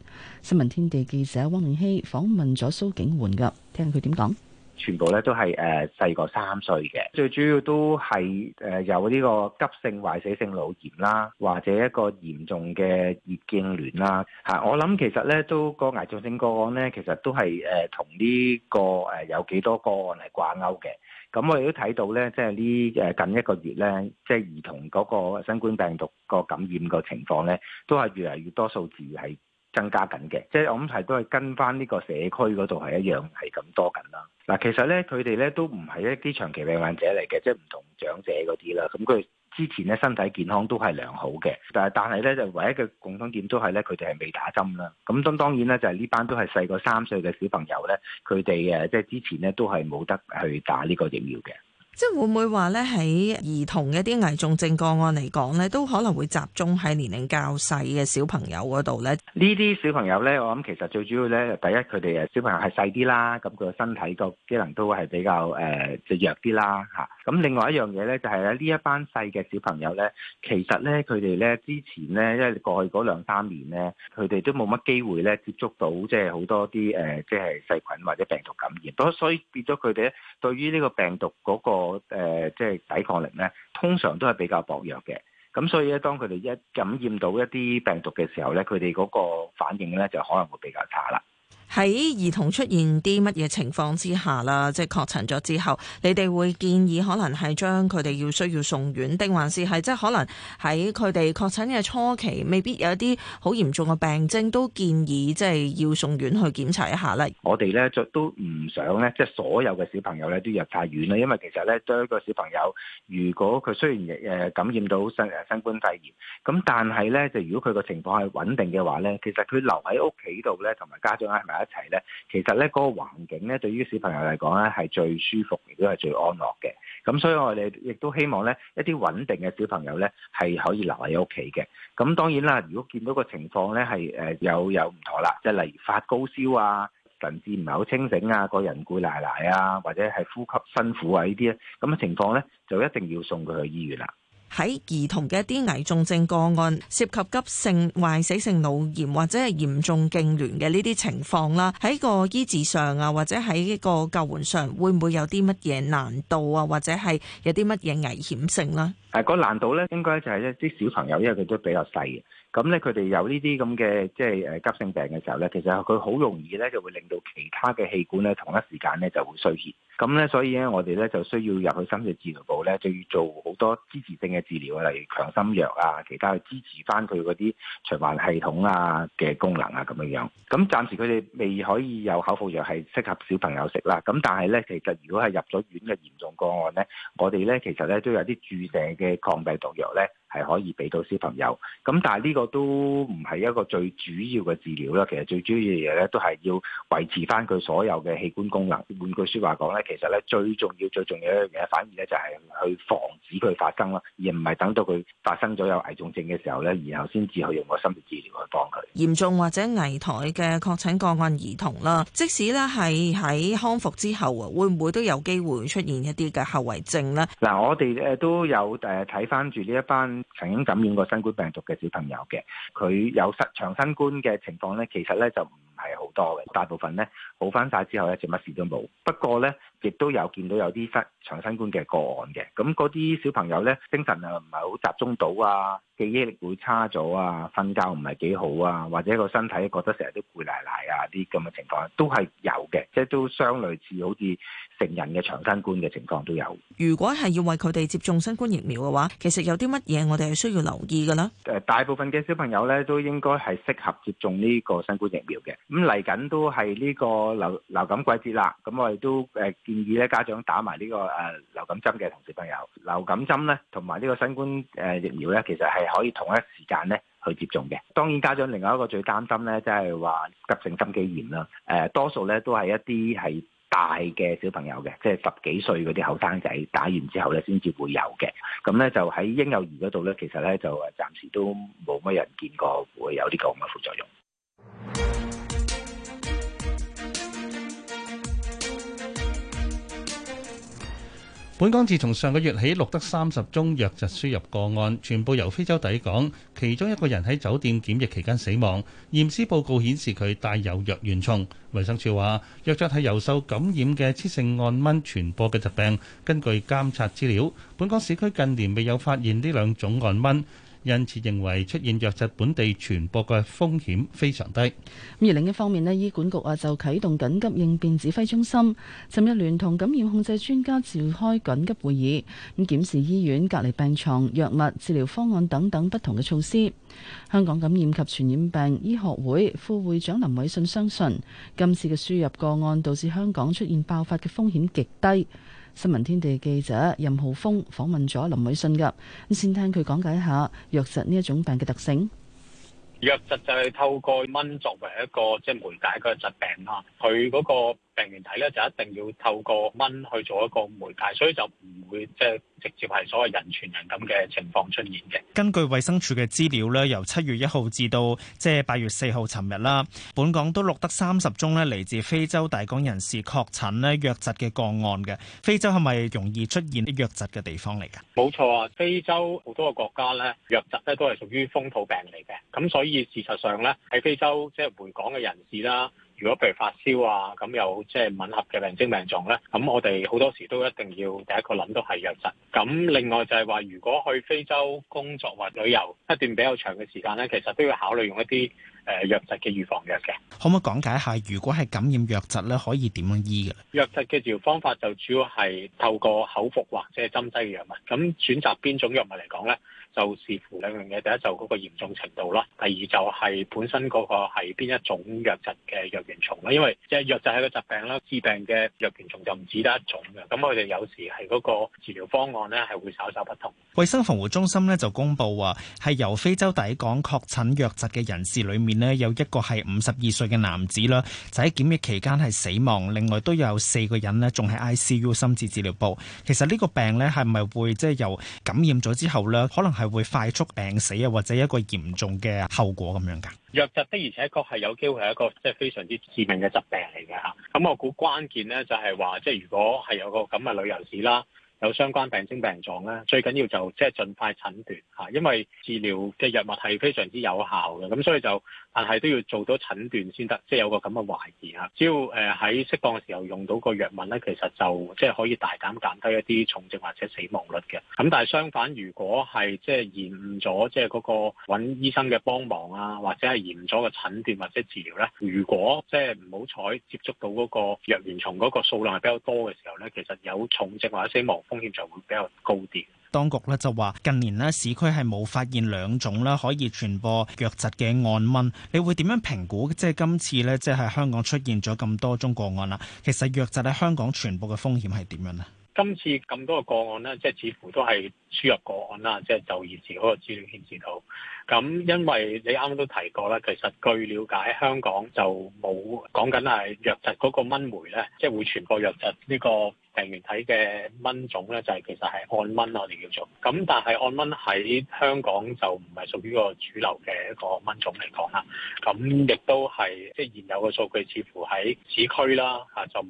新聞天地記者汪明希訪問咗蘇景煥噶，聽佢點講。全部咧都係誒細過三歲嘅，最主要都係誒、呃、有呢個急性壞死性腦炎啦，或者一個嚴重嘅熱痙攣啦。嚇、啊，我諗其實咧都個危重性個案咧，其實都係誒、呃、同呢、這個誒、呃、有幾多個案係掛鈎嘅。咁我亦都睇到咧，即係呢誒近一個月咧，即係兒童嗰個新冠病毒個感染個情況咧，都係越嚟越多數字係，增加緊嘅，即係我諗係都係跟翻呢個社區嗰度係一樣係咁多緊啦。嗱，其實咧佢哋咧都唔係一啲長期病患者嚟嘅，即係唔同長者嗰啲啦。咁佢之前咧身體健康都係良好嘅，但係但係咧就唯一嘅共同點都係咧佢哋係未打針啦。咁咁當然咧就係呢班都係細個三歲嘅小朋友咧，佢哋誒即係之前咧都係冇得去打呢個疫苗嘅。即係會唔會話咧？喺兒童嘅一啲危重症個案嚟講咧，都可能會集中喺年齡較細嘅小朋友嗰度咧。呢啲小朋友咧，我諗其實最主要咧，第一佢哋誒小朋友係細啲啦，咁佢個身體個機能都係比較誒即係、呃、弱啲啦嚇。咁另外一樣嘢咧，就係咧呢一班細嘅小朋友咧，其實咧佢哋咧之前咧，因為過去嗰兩三年咧，佢哋都冇乜機會咧接觸到即係好多啲誒，即係細菌或者病毒感染，所所以變咗佢哋咧，對於呢個病毒嗰個誒，即係抵抗力咧，通常都係比較薄弱嘅。咁所以咧，當佢哋一感染到一啲病毒嘅時候咧，佢哋嗰個反應咧，就可能會比較差啦。喺兒童出現啲乜嘢情況之下啦，即係確診咗之後，你哋會建議可能係將佢哋要需要送院定，還是係即係可能喺佢哋確診嘅初期，未必有一啲好嚴重嘅病徵，都建議即係要送院去檢查一下咧。我哋咧，就都唔想咧，即係所有嘅小朋友咧都入太院啦，因為其實咧，將一個小朋友，如果佢雖然誒感染到新新冠肺炎，咁但係咧，就如果佢個情況係穩定嘅話咧，其實佢留喺屋企度咧，同埋家長咧係咪？是一齊咧，其實咧嗰個環境咧，對於小朋友嚟講咧，係最舒服，亦都係最安樂嘅。咁所以我哋亦都希望咧，一啲穩定嘅小朋友咧，係可以留喺屋企嘅。咁當然啦，如果見到個情況咧，係誒有有唔妥啦，即係例如發高燒啊，甚至唔係好清醒啊，個人攰奶奶啊，或者係呼吸辛苦啊呢啲咧，咁嘅情況咧，就一定要送佢去醫院啦。喺兒童嘅一啲危重症個案，涉及急性壞死性腦炎或者係嚴重痙攣嘅呢啲情況啦，喺個醫治上啊，或者喺個救援上，會唔會有啲乜嘢難度啊，或者係有啲乜嘢危險性咧？誒，個難度咧，應該就係一啲小朋友，因為佢都比較細嘅。咁咧，佢哋有呢啲咁嘅即係誒急性病嘅時候咧，其實佢好容易咧就會令到其他嘅器官咧同一時間咧就會衰竭。咁咧，所以咧我哋咧就需要入去深切治療部咧，就要做好多支持性嘅治療，例如強心藥啊，其他去支持翻佢嗰啲循環系統啊嘅功能啊咁樣樣。咁暫時佢哋未可以有口服藥係適合小朋友食啦。咁但係咧，其實如果係入咗院嘅嚴重個案咧，我哋咧其實咧都有啲注射嘅抗病毒藥咧。係可以俾到小朋友，咁但係呢個都唔係一個最主要嘅治療啦。其實最主要嘅嘢咧，都係要維持翻佢所有嘅器官功能。換句說話講咧，其實咧最重要、最重要一樣嘢，反而咧就係去防止佢發生啦，而唔係等到佢發生咗有危重症嘅時候咧，然後先至去用個心理治療去幫佢。嚴重或者危殆嘅確診個案兒童啦，即使咧係喺康復之後啊，會唔會都有機會出現一啲嘅後遺症咧？嗱、嗯，我哋誒都有誒睇翻住呢一班。曾經感染過新冠病毒嘅小朋友嘅，佢有長新冠嘅情況咧，其實咧就唔係好多嘅，大部分咧好返晒之後咧，就乜事都冇。不過咧。亦都有見到有啲新長新冠嘅個案嘅，咁嗰啲小朋友咧精神啊唔係好集中到啊，記憶力會差咗啊，瞓覺唔係幾好啊，或者個身體覺得成日都攰賴賴啊啲咁嘅情況都係有嘅，即係都相類似好似成人嘅長新冠嘅情況都有。如果係要為佢哋接種新冠疫苗嘅話，其實有啲乜嘢我哋係需要留意嘅呢？誒，大部分嘅小朋友咧都應該係適合接種呢個新冠疫苗嘅。咁嚟緊都係呢個流流感季節啦，咁我哋都誒。建議咧家長打埋呢個誒流感針嘅同事朋友，流感針咧同埋呢個新冠誒疫苗咧，其實係可以同一時間咧去接種嘅。當然家長另外一個最擔心咧，即係話急性心肌炎啦。誒多數咧都係一啲係大嘅小朋友嘅，即係十幾歲嗰啲後生仔打完之後咧，先至會有嘅。咁咧就喺嬰幼兒嗰度咧，其實咧就暫時都冇乜人見過會有呢個咁嘅副作用。本港自從上個月起錄得三十宗瘧疾輸入個案，全部由非洲抵港，其中一個人喺酒店檢疫期間死亡。驗屍報告顯示佢帶有瘧原蟲。衛生署話，瘧疾係由受感染嘅雌性按蚊傳播嘅疾病。根據監察資料，本港市區近年未有發現呢兩種按蚊。因此認為出現弱質本地傳播嘅風險非常低。而另一方面咧，醫管局啊就啟動緊急應變指揮中心，尋日聯同感染控制專家召開緊急會議，咁檢視醫院隔離病床、藥物、治療方案等等不同嘅措施。香港感染及傳染病醫學會副會長林偉信相信，今次嘅輸入個案導致香港出現爆發嘅風險極低。新聞天地記者任浩峰訪問咗林偉信噶，咁先聽佢講解一下瘧疾呢一種病嘅特性。瘧疾就係透過蚊作為一個即係媒介嘅疾病啦，佢嗰個。病原體咧就一定要透過蚊去做一個媒介，所以就唔會即係直接係所謂人傳人咁嘅情況出現嘅。根據衛生署嘅資料咧，由七月一號至到即係八月四號尋日啦，本港都錄得三十宗呢嚟自非洲抵港人士確診咧瘧疾嘅個案嘅。非洲係咪容易出現啲瘧疾嘅地方嚟㗎？冇錯啊，非洲好多個國家呢瘧疾咧都係屬於風土病嚟嘅，咁所以事實上呢，喺非洲即係回港嘅人士啦。如果譬如發燒啊，咁有即係吻合嘅病徵病狀咧，咁我哋好多時都一定要第一個諗到係瘧疾咁。另外就係話，如果去非洲工作或旅遊一段比較長嘅時間咧，其實都要考慮用一啲誒瘧疾嘅預防藥嘅。可唔可以講解一下，如果係感染瘧疾咧，可以點樣醫嘅？瘧疾嘅治療方法就主要係透過口服或者針劑嘅藥物。咁選擇邊種藥物嚟講咧？就視乎兩樣嘢，第一就嗰個嚴重程度啦，第二就係本身嗰個係邊一種瘧疾嘅瘧原蟲啦。因為即係瘧疾係個疾病啦，致病嘅瘧原蟲就唔止得一種嘅，咁佢哋有時係嗰個治療方案咧係會稍稍不同。衞生防護中心咧就公布話，係由非洲抵港確診瘧疾嘅人士裡面咧，有一個係五十二歲嘅男子啦，就喺檢疫期間係死亡。另外都有四個人咧仲係 I C U 深切治療部。其實呢個病咧係咪會即係由感染咗之後咧，可能係？會快速病死啊，或者一個嚴重嘅後果咁樣噶？瘧疾的而且確係有機會係一個即係非常之致命嘅疾病嚟嘅吓。咁我估關鍵咧就係話，即係如果係有個咁嘅旅遊史啦，有相關病徵病狀咧，最緊要就即係盡快診斷吓，因為治療嘅藥物係非常之有效嘅，咁所以就。但係都要做到診斷先得，即係有個咁嘅懷疑啊。只要誒喺適當嘅時候用到個藥物咧，其實就即係可以大減減低一啲重症或者死亡率嘅。咁但係相反，如果係即係延誤咗即係嗰個揾醫生嘅幫忙啊，或者係延誤咗個診斷或者治療咧，如果即係唔好彩接觸到嗰個瘧原蟲嗰個數量係比較多嘅時候咧，其實有重症或者死亡風險就會比較高啲。當局咧就話近年咧，市區係冇發現兩種咧可以傳播瘧疾嘅按蚊。你會點樣評估？即係今次咧，即係香港出現咗咁多宗個案啦。其實瘧疾喺香港傳播嘅風險係點樣咧？今次咁多嘅個案呢，即係似乎都係。輸入個案啦，即係就現時嗰個資料顯示到，咁因為你啱啱都提過啦，其實據了解，香港就冇講緊係瘧疾嗰個蚊媒咧，即係會傳播瘧疾呢個病原體嘅蚊種咧，就係其實係按蚊我哋叫做，咁但係按蚊喺香港就唔係屬於個主流嘅一個蚊種嚟講啦，咁亦都係即係現有嘅數據，似乎喺市區啦嚇就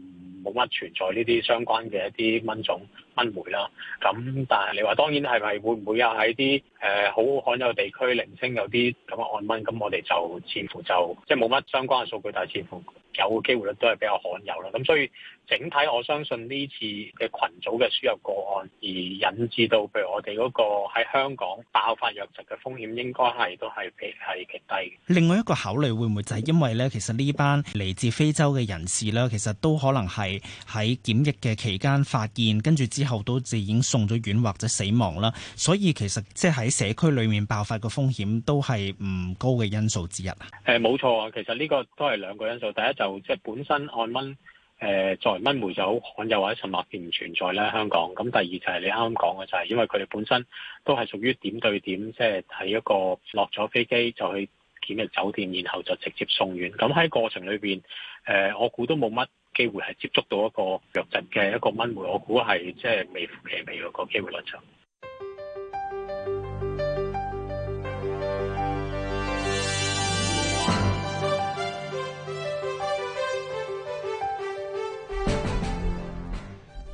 冇乜存在呢啲相關嘅一啲蚊種。蚊媒啦，咁但係你話，當然係咪會唔會啊？喺啲誒好罕有嘅地區，零星有啲咁嘅按蚊，咁我哋就似乎就即係冇乜相關嘅數據，但係似乎有嘅機會率都係比較罕有啦。咁所以。整體我相信呢次嘅群組嘅輸入個案而引致到，譬如我哋嗰個喺香港爆發瘧疾嘅風險應該係都係係極低。另外一個考慮會唔會就係因為咧，其實呢班嚟自非洲嘅人士咧，其實都可能係喺檢疫嘅期間發現跟住之後都自已經送咗院或者死亡啦。所以其實即係喺社區裏面爆發嘅風險都係唔高嘅因素之一。啊，誒，冇錯啊！其實呢個都係兩個因素，第一就即係本身按蚊。誒、呃、作為蚊媒就好罕有或者沉默嘅唔存在啦，香港。咁第二就係你啱啱講嘅，就係、是、因為佢哋本身都係屬於點對點，即係喺一個落咗飛機就去檢疫酒店，然後就直接送院。咁喺過程裏邊，誒、呃、我估都冇乜機會係接觸到一個藥疾嘅一個蚊媒，我估係即係微乎其微個、那個機會率就。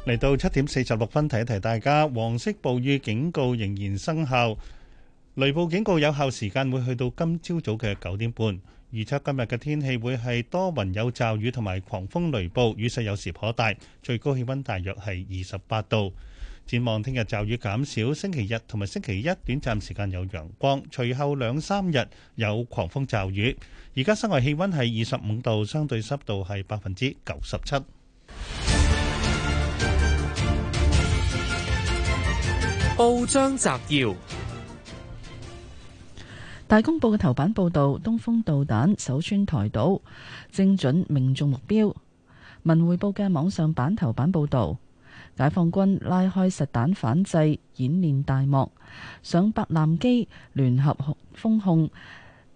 嚟到七點四十六分，提一提大家，黃色暴雨警告仍然生效，雷暴警告有效時間會去到今朝早嘅九點半。預測今日嘅天氣會係多雲有驟雨同埋狂風雷暴，雨勢有時頗大，最高氣溫大約係二十八度。展望聽日驟雨減少，星期日同埋星期一短暫時間有陽光，隨後兩三日有狂風驟雨。而家室外氣溫係二十五度，相對濕度係百分之九十七。報章摘要：大公報嘅頭版報道，東風導彈首穿台島，精準命中目標。文匯報嘅網上版頭版報道，解放軍拉開實彈反制演練大幕，上百艦機聯合封控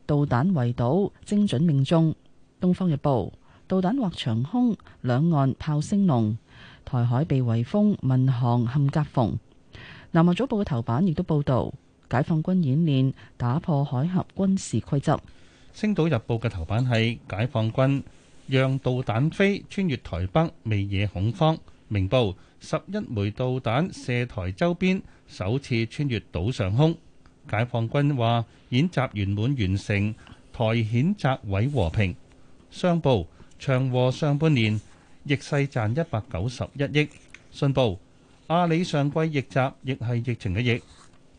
導彈圍島，精準命中。東方日報導彈劃長空，兩岸炮聲隆，台海被圍封，民航陷夾縫。南華早報嘅頭版亦都報道解放軍演練打破海峽軍事規則。星島日報嘅頭版係解放軍讓導彈飛穿越台北未惹恐慌。明報十一枚導彈射台周邊首次穿越島上空。解放軍話演習圓滿完成台險擇位和平。商報長和上半年逆勢賺一百九十一億。信報。阿里上季逆襲，亦係疫情嘅逆，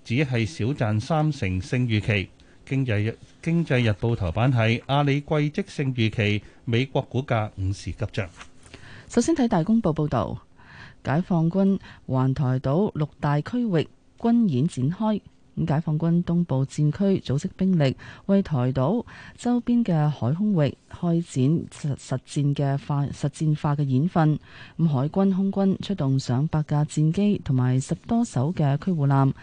只係少賺三成，勝預期。經濟日,日經濟日報頭版係阿里季績勝預期，美國股價五時急漲。首先睇大公報報導，解放軍環台島六大區域軍演展開。咁，解放軍東部戰區組織兵力為台島周邊嘅海空域開展實實戰嘅化實戰化嘅演訓，咁，海軍、空軍出動上百架戰機同埋十多艘嘅驅護艦，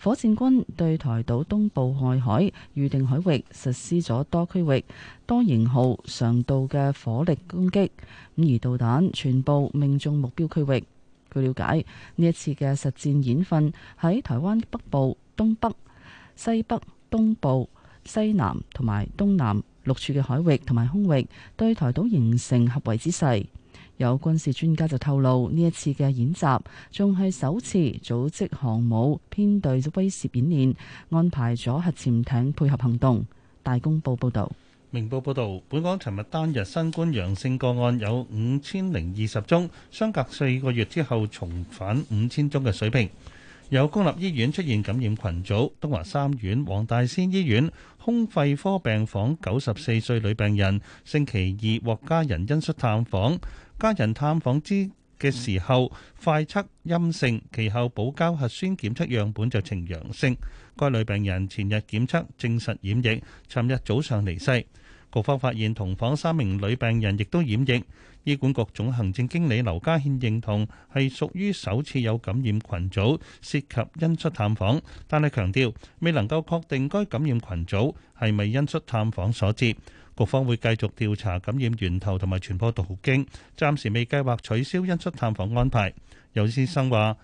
火箭軍對台島東部外海預定海域實施咗多區域、多型號常道嘅火力攻擊，咁而導彈全部命中目標區域。據了解，呢一次嘅實戰演訓喺台灣北部。東北、西北、東部、西南同埋東南六處嘅海域同埋空域，對台島形成合圍之勢。有軍事專家就透露，呢一次嘅演習仲係首次組織航母編隊威懾演練，安排咗核潛艇配合行動。大公報報道，明報報道，本港尋日單日新冠陽性個案有五千零二十宗，相隔四個月之後重返五千宗嘅水平。有公立醫院出現感染群組，東華三院黃大仙醫院胸肺科病房九十四歲女病人，星期二獲家人恩恤探訪，家人探訪之嘅時候快測陰性，其後補交核酸檢測樣本就呈陽性，該女病人前日檢測證實染疫，尋日早上離世。局方發現同房三名女病人亦都染疫，醫管局總行政經理劉家獻認同係屬於首次有感染群組涉及恩恤探訪，但係強調未能夠確定該感染群組係咪恩恤探訪所致。局方會繼續調查感染源頭同埋傳播途徑，暫時未計劃取消恩恤探訪安排。有先生話。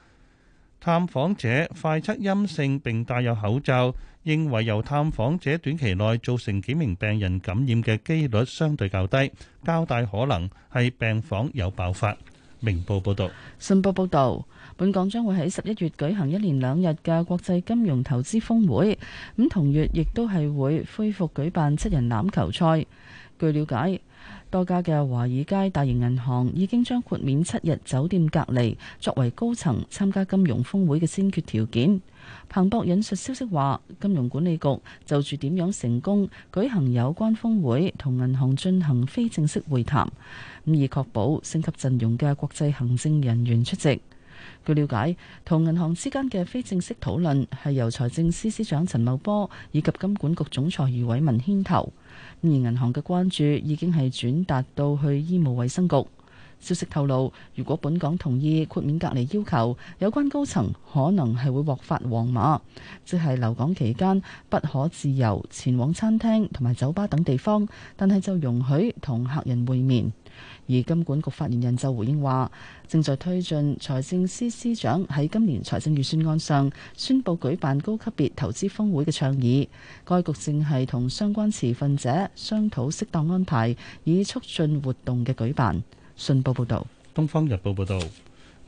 探訪者快測陰性並帶有口罩，認為由探訪者短期內造成幾名病人感染嘅機率相對較低，較大可能係病房有爆發。明報報道，信報報道，本港將會喺十一月舉行一連兩日嘅國際金融投資峰會，咁同月亦都係會恢復舉辦七人欖球賽。據了解。多家嘅華爾街大型銀行已經將豁免七日酒店隔離作為高層參加金融峰會嘅先決條件。彭博引述消息話，金融管理局就住點樣成功舉行有關峰會同銀行進行非正式會談，以確保升級陣容嘅國際行政人員出席。據了解，同銀行之間嘅非正式討論係由財政司司長陳茂波以及金管局總裁余偉文牽頭。而銀行嘅關注已經係轉達到去醫務衛生局。消息透露，如果本港同意豁免隔離要求，有關高層可能係會獲發黃碼，即係留港期間不可自由前往餐廳同埋酒吧等地方，但係就容許同客人會面。而金管局發言人就回應話，正在推進財政司司長喺今年財政預算案上宣布舉辦高級別投資峰會嘅倡議，該局正係同相關持份者商討適當安排，以促進活動嘅舉辦。信報報道，東方日報報道，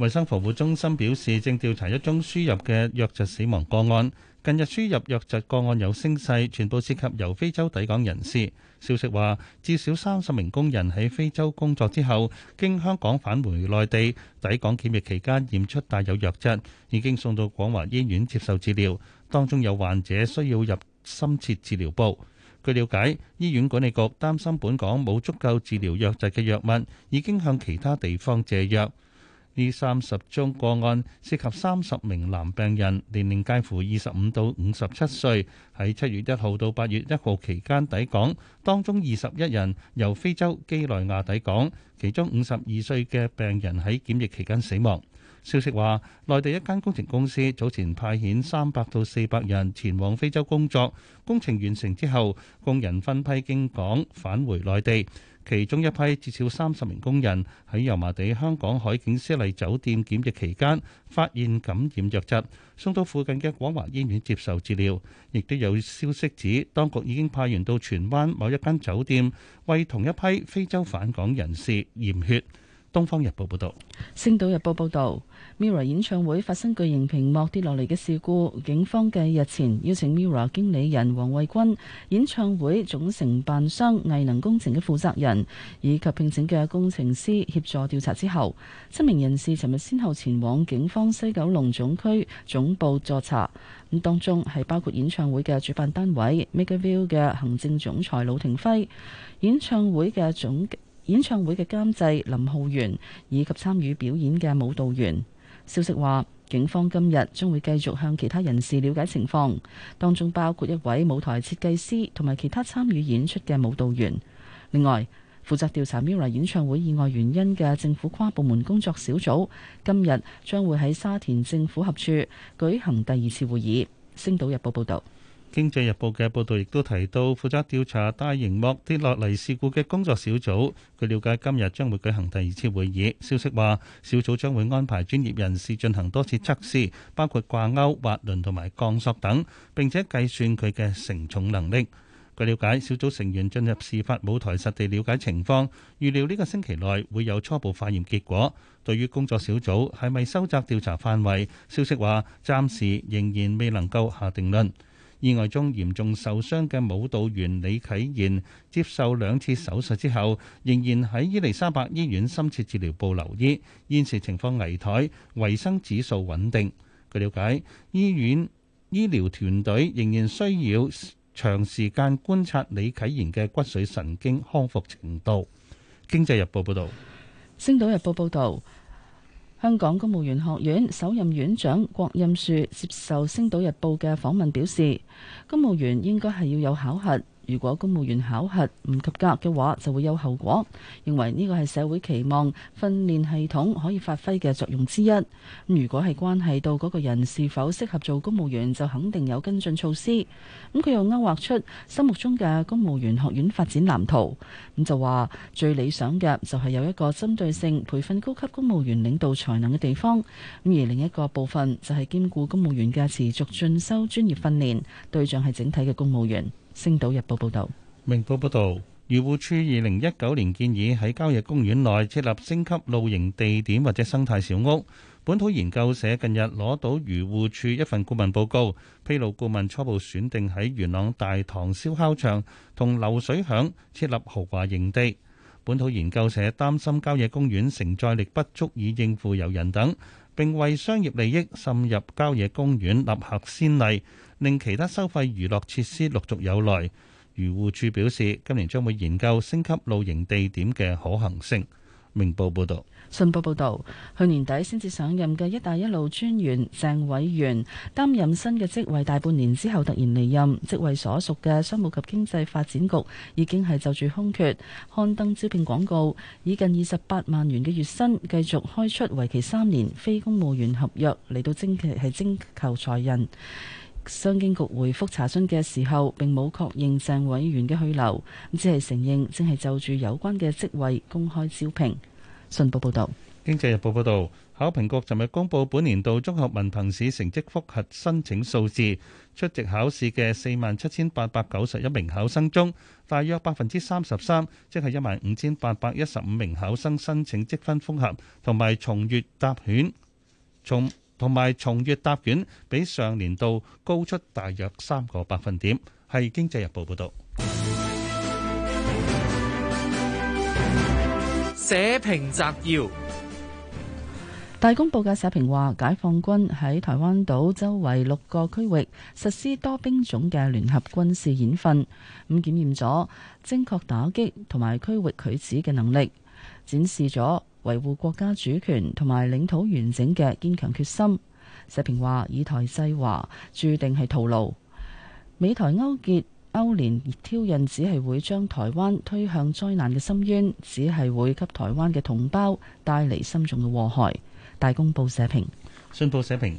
衛生防護中心表示正調查一宗輸入嘅瘧疾死亡個案。近日輸入瘧疾個案有升勢，全部涉及由非洲抵港人士。消息話，至少三十名工人喺非洲工作之後經香港返回內地，抵港檢疫期間驗出帶有瘧疾，已經送到廣華醫院接受治療，當中有患者需要入深切治療部。據了解，醫院管理局擔心本港冇足夠治療瘧疾嘅藥物，已經向其他地方借藥。呢三十宗個案涉及三十名男病人，年齡介乎二十五到五十七歲，喺七月一號到八月一號期間抵港，當中二十一人由非洲幾內亞抵港，其中五十二歲嘅病人喺檢疫期間死亡。消息話，內地一間工程公司早前派遣三百到四百人前往非洲工作，工程完成之後，工人分批經港返回內地。其中一批至少三十名工人喺油麻地香港海景絲麗酒店檢疫期間發現感染瘧疾，送到附近嘅廣華醫院接受治療。亦都有消息指，當局已經派員到荃灣某一間酒店為同一批非洲返港人士驗血。東方日報報道，星島日報報道。Mirror 演唱會發生巨型屏幕跌落嚟嘅事故，警方繼日前邀請 Mirror 經理人黃慧君、演唱會總承辦商藝能工程嘅負責人以及聘請嘅工程師協助調查之後，七名人士尋日先後前往警方西九龍總區總部助查。咁當中係包括演唱會嘅主辦單位 MakerVille 嘅行政總裁魯庭暉、演唱會嘅總演唱會嘅監製林浩源以及參與表演嘅舞蹈員。消息話，警方今日將會繼續向其他人士了解情況，當中包括一位舞台設計師同埋其他參與演出嘅舞蹈員。另外，負責調查 MIRROR 演唱會意外原因嘅政府跨部門工作小組今日將會喺沙田政府合署舉行第二次會議。星島日報報導。《經濟日報》嘅報道亦都提到，負責調查大螢幕跌落嚟事故嘅工作小組，據瞭解今日將會舉行第二次會議。消息話，小組將會安排專業人士進行多次測試，包括掛勾、滑輪同埋鋼索等，並且計算佢嘅承重能力。據瞭解，小組成員進入事發舞台實地了解情況，預料呢個星期內會有初步化驗結果。對於工作小組係咪收窄調查範圍，消息話暫時仍然未能夠下定論。意外中嚴重受傷嘅舞蹈員李啟賢接受兩次手術之後，仍然喺伊利沙伯醫院深切治療部留醫，現時情況危殆，維生指數穩定。據了解，醫院醫療團隊仍然需要長時間觀察李啟賢嘅骨髓神經康復程度。經濟日報報導，星島日報報道。香港公務員學院首任院長郭任樹接受《星島日報》嘅訪問，表示公務員應該係要有考核。如果公務員考核，唔及格嘅話，就會有後果。認為呢個係社會期望，訓練系統可以發揮嘅作用之一。如果係關係到嗰個人是否適合做公務員，就肯定有跟進措施。咁佢又勾畫出心目中嘅公務員學院發展藍圖，咁就話最理想嘅就係有一個針對性培訓高級公務員領導才能嘅地方。咁而另一個部分就係兼顧公務員嘅持續進修專業訓練，對象係整體嘅公務員。星島日報報道，明報報道，漁護處二零一九年建議喺郊野公園內設立升級露營地點或者生態小屋。本土研究社近日攞到漁護處一份顧問報告，披露顧問初步選定喺元朗大棠燒烤場同流水響設立豪華營地。本土研究社擔心郊野公園承載力不足以應付遊人等，並為商業利益滲入郊野公園立下先例。令其他收費娛樂設施陸續有來，漁護署表示，今年將會研究升級露營地點嘅可行性。明報報導，信報報導，去年底先至上任嘅「一帶一路」專員鄭偉源擔任新嘅職位大半年之後突然離任，職位所屬嘅商務及經濟發展局已經係就住空缺刊登招聘廣告，以近二十八萬元嘅月薪繼續開出，為期三年非公務員合約嚟到徵期係徵求才人。商經局回覆查詢嘅時候，並冇確認鄭委員嘅去留，只係承認正係就住有關嘅職位公開招聘。信報報導，《經濟日報》報導，考評局尋日公佈本年度綜合文憑試成績複核申請數字，出席考試嘅四萬七千八百九十一名考生中，大約百分之三十三，即係一萬五千八百一十五名考生申請積分複核同埋重閱答卷重。.同埋，從月答卷比上年度高出大約三個百分點，係經濟日報報道。社評摘要：大公報嘅社評話，解放軍喺台灣島周圍六個區域實施多兵種嘅聯合軍事演訓，咁檢驗咗精確打擊同埋區域拒止嘅能力，展示咗。維護國家主權同埋領土完整嘅堅強決心。社評話以台制華注定係徒勞，美台勾結勾連挑釁只係會將台灣推向災難嘅深淵，只係會給台灣嘅同胞帶嚟深重嘅禍害。大公報社評。信報社評，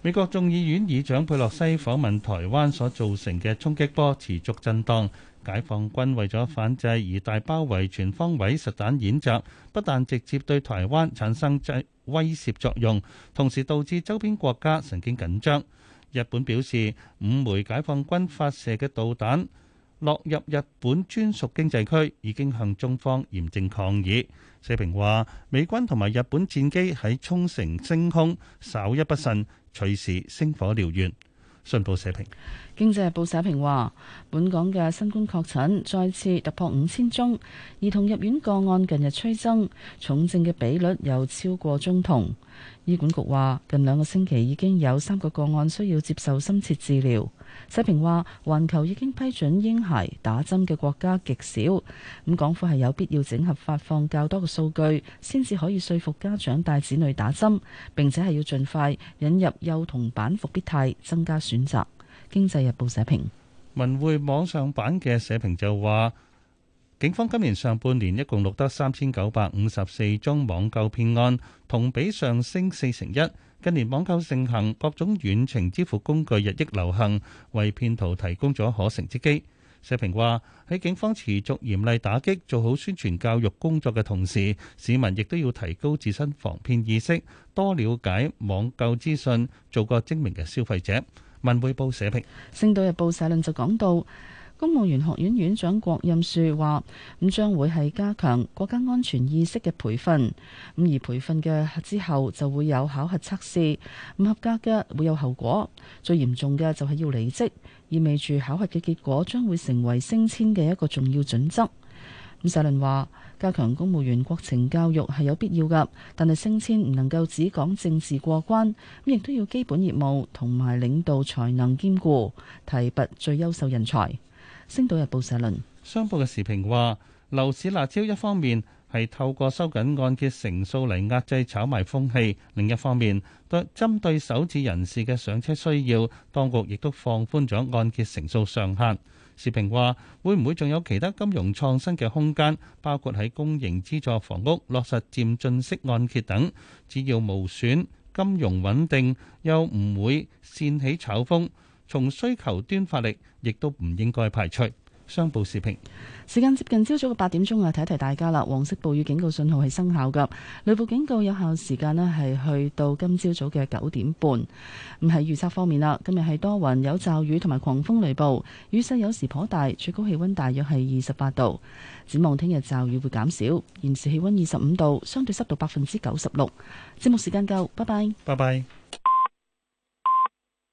美國眾議院議長佩洛西訪問台灣所造成嘅衝擊波持續震盪。解放軍為咗反制而大包圍、全方位實彈演習，不但直接對台灣產生制威懾作用，同時導致周邊國家神經緊張。日本表示，五枚解放軍發射嘅導彈落入日本專屬經濟區，已經向中方嚴正抗議。社評話，美軍同埋日本戰機喺沖繩升空，稍一不慎，隨時星火燎原。信報社評，《經濟日報》社評話：本港嘅新冠確診再次突破五千宗，兒童入院個案近日趨增，重症嘅比率又超過中同。醫管局話：近兩個星期已經有三個個案需要接受深切治療。社評話：環球已經批准嬰孩打針嘅國家極少，咁港府係有必要整合發放較多嘅數據，先至可以說服家長帶子女打針，並且係要盡快引入幼童版復必泰，增加選擇。經濟日報社評。文匯網上版嘅社評就話。警方今年上半年一共錄得三千九百五十四宗網購騙案，同比上升四成一。近年網購盛行，各種遠程支付工具日益流行，為騙徒提供咗可乘之機。社評話，喺警方持續嚴厲打擊，做好宣傳教育工作嘅同時，市民亦都要提高自身防騙意識，多了解網購資訊，做個精明嘅消費者。文匯報社評，星島日報社論就講到。公務員學院院長郭任樹話，咁將會係加強國家安全意識嘅培訓，咁而培訓嘅之後就會有考核測試，唔合格嘅會有後果，最嚴重嘅就係要離職，意味住考核嘅結果將會成為升遷嘅一個重要準則。咁，世倫話，加強公務員國情教育係有必要噶但係升遷唔能夠只講政治過關，咁亦都要基本業務同埋領導才能兼顧，提拔最優秀人才。星島日報社論：商報嘅時評話，樓市辣招一方面係透過收緊按揭成數嚟壓制炒賣風氣，另一方面針對針對首置人士嘅上車需要，當局亦都放寬咗按揭成數上限。時評話，會唔會仲有其他金融創新嘅空間？包括喺公營資助房屋落實漸進式按揭等，只要無損金融穩定，又唔會煽起炒風。從需求端發力，亦都唔應該排除。商報視頻時間接近朝早嘅八點鐘啊，提一提大家啦。黃色暴雨警告信號係生效嘅，雷暴警告有效時間咧係去到今朝早嘅九點半。咁喺預測方面啦，今日係多雲，有驟雨同埋狂風雷暴，雨勢有時頗大，最高氣溫大約係二十八度。展望聽日驟雨會減少，現時氣溫二十五度，相對濕度百分之九十六。節目時間夠，拜拜，拜拜。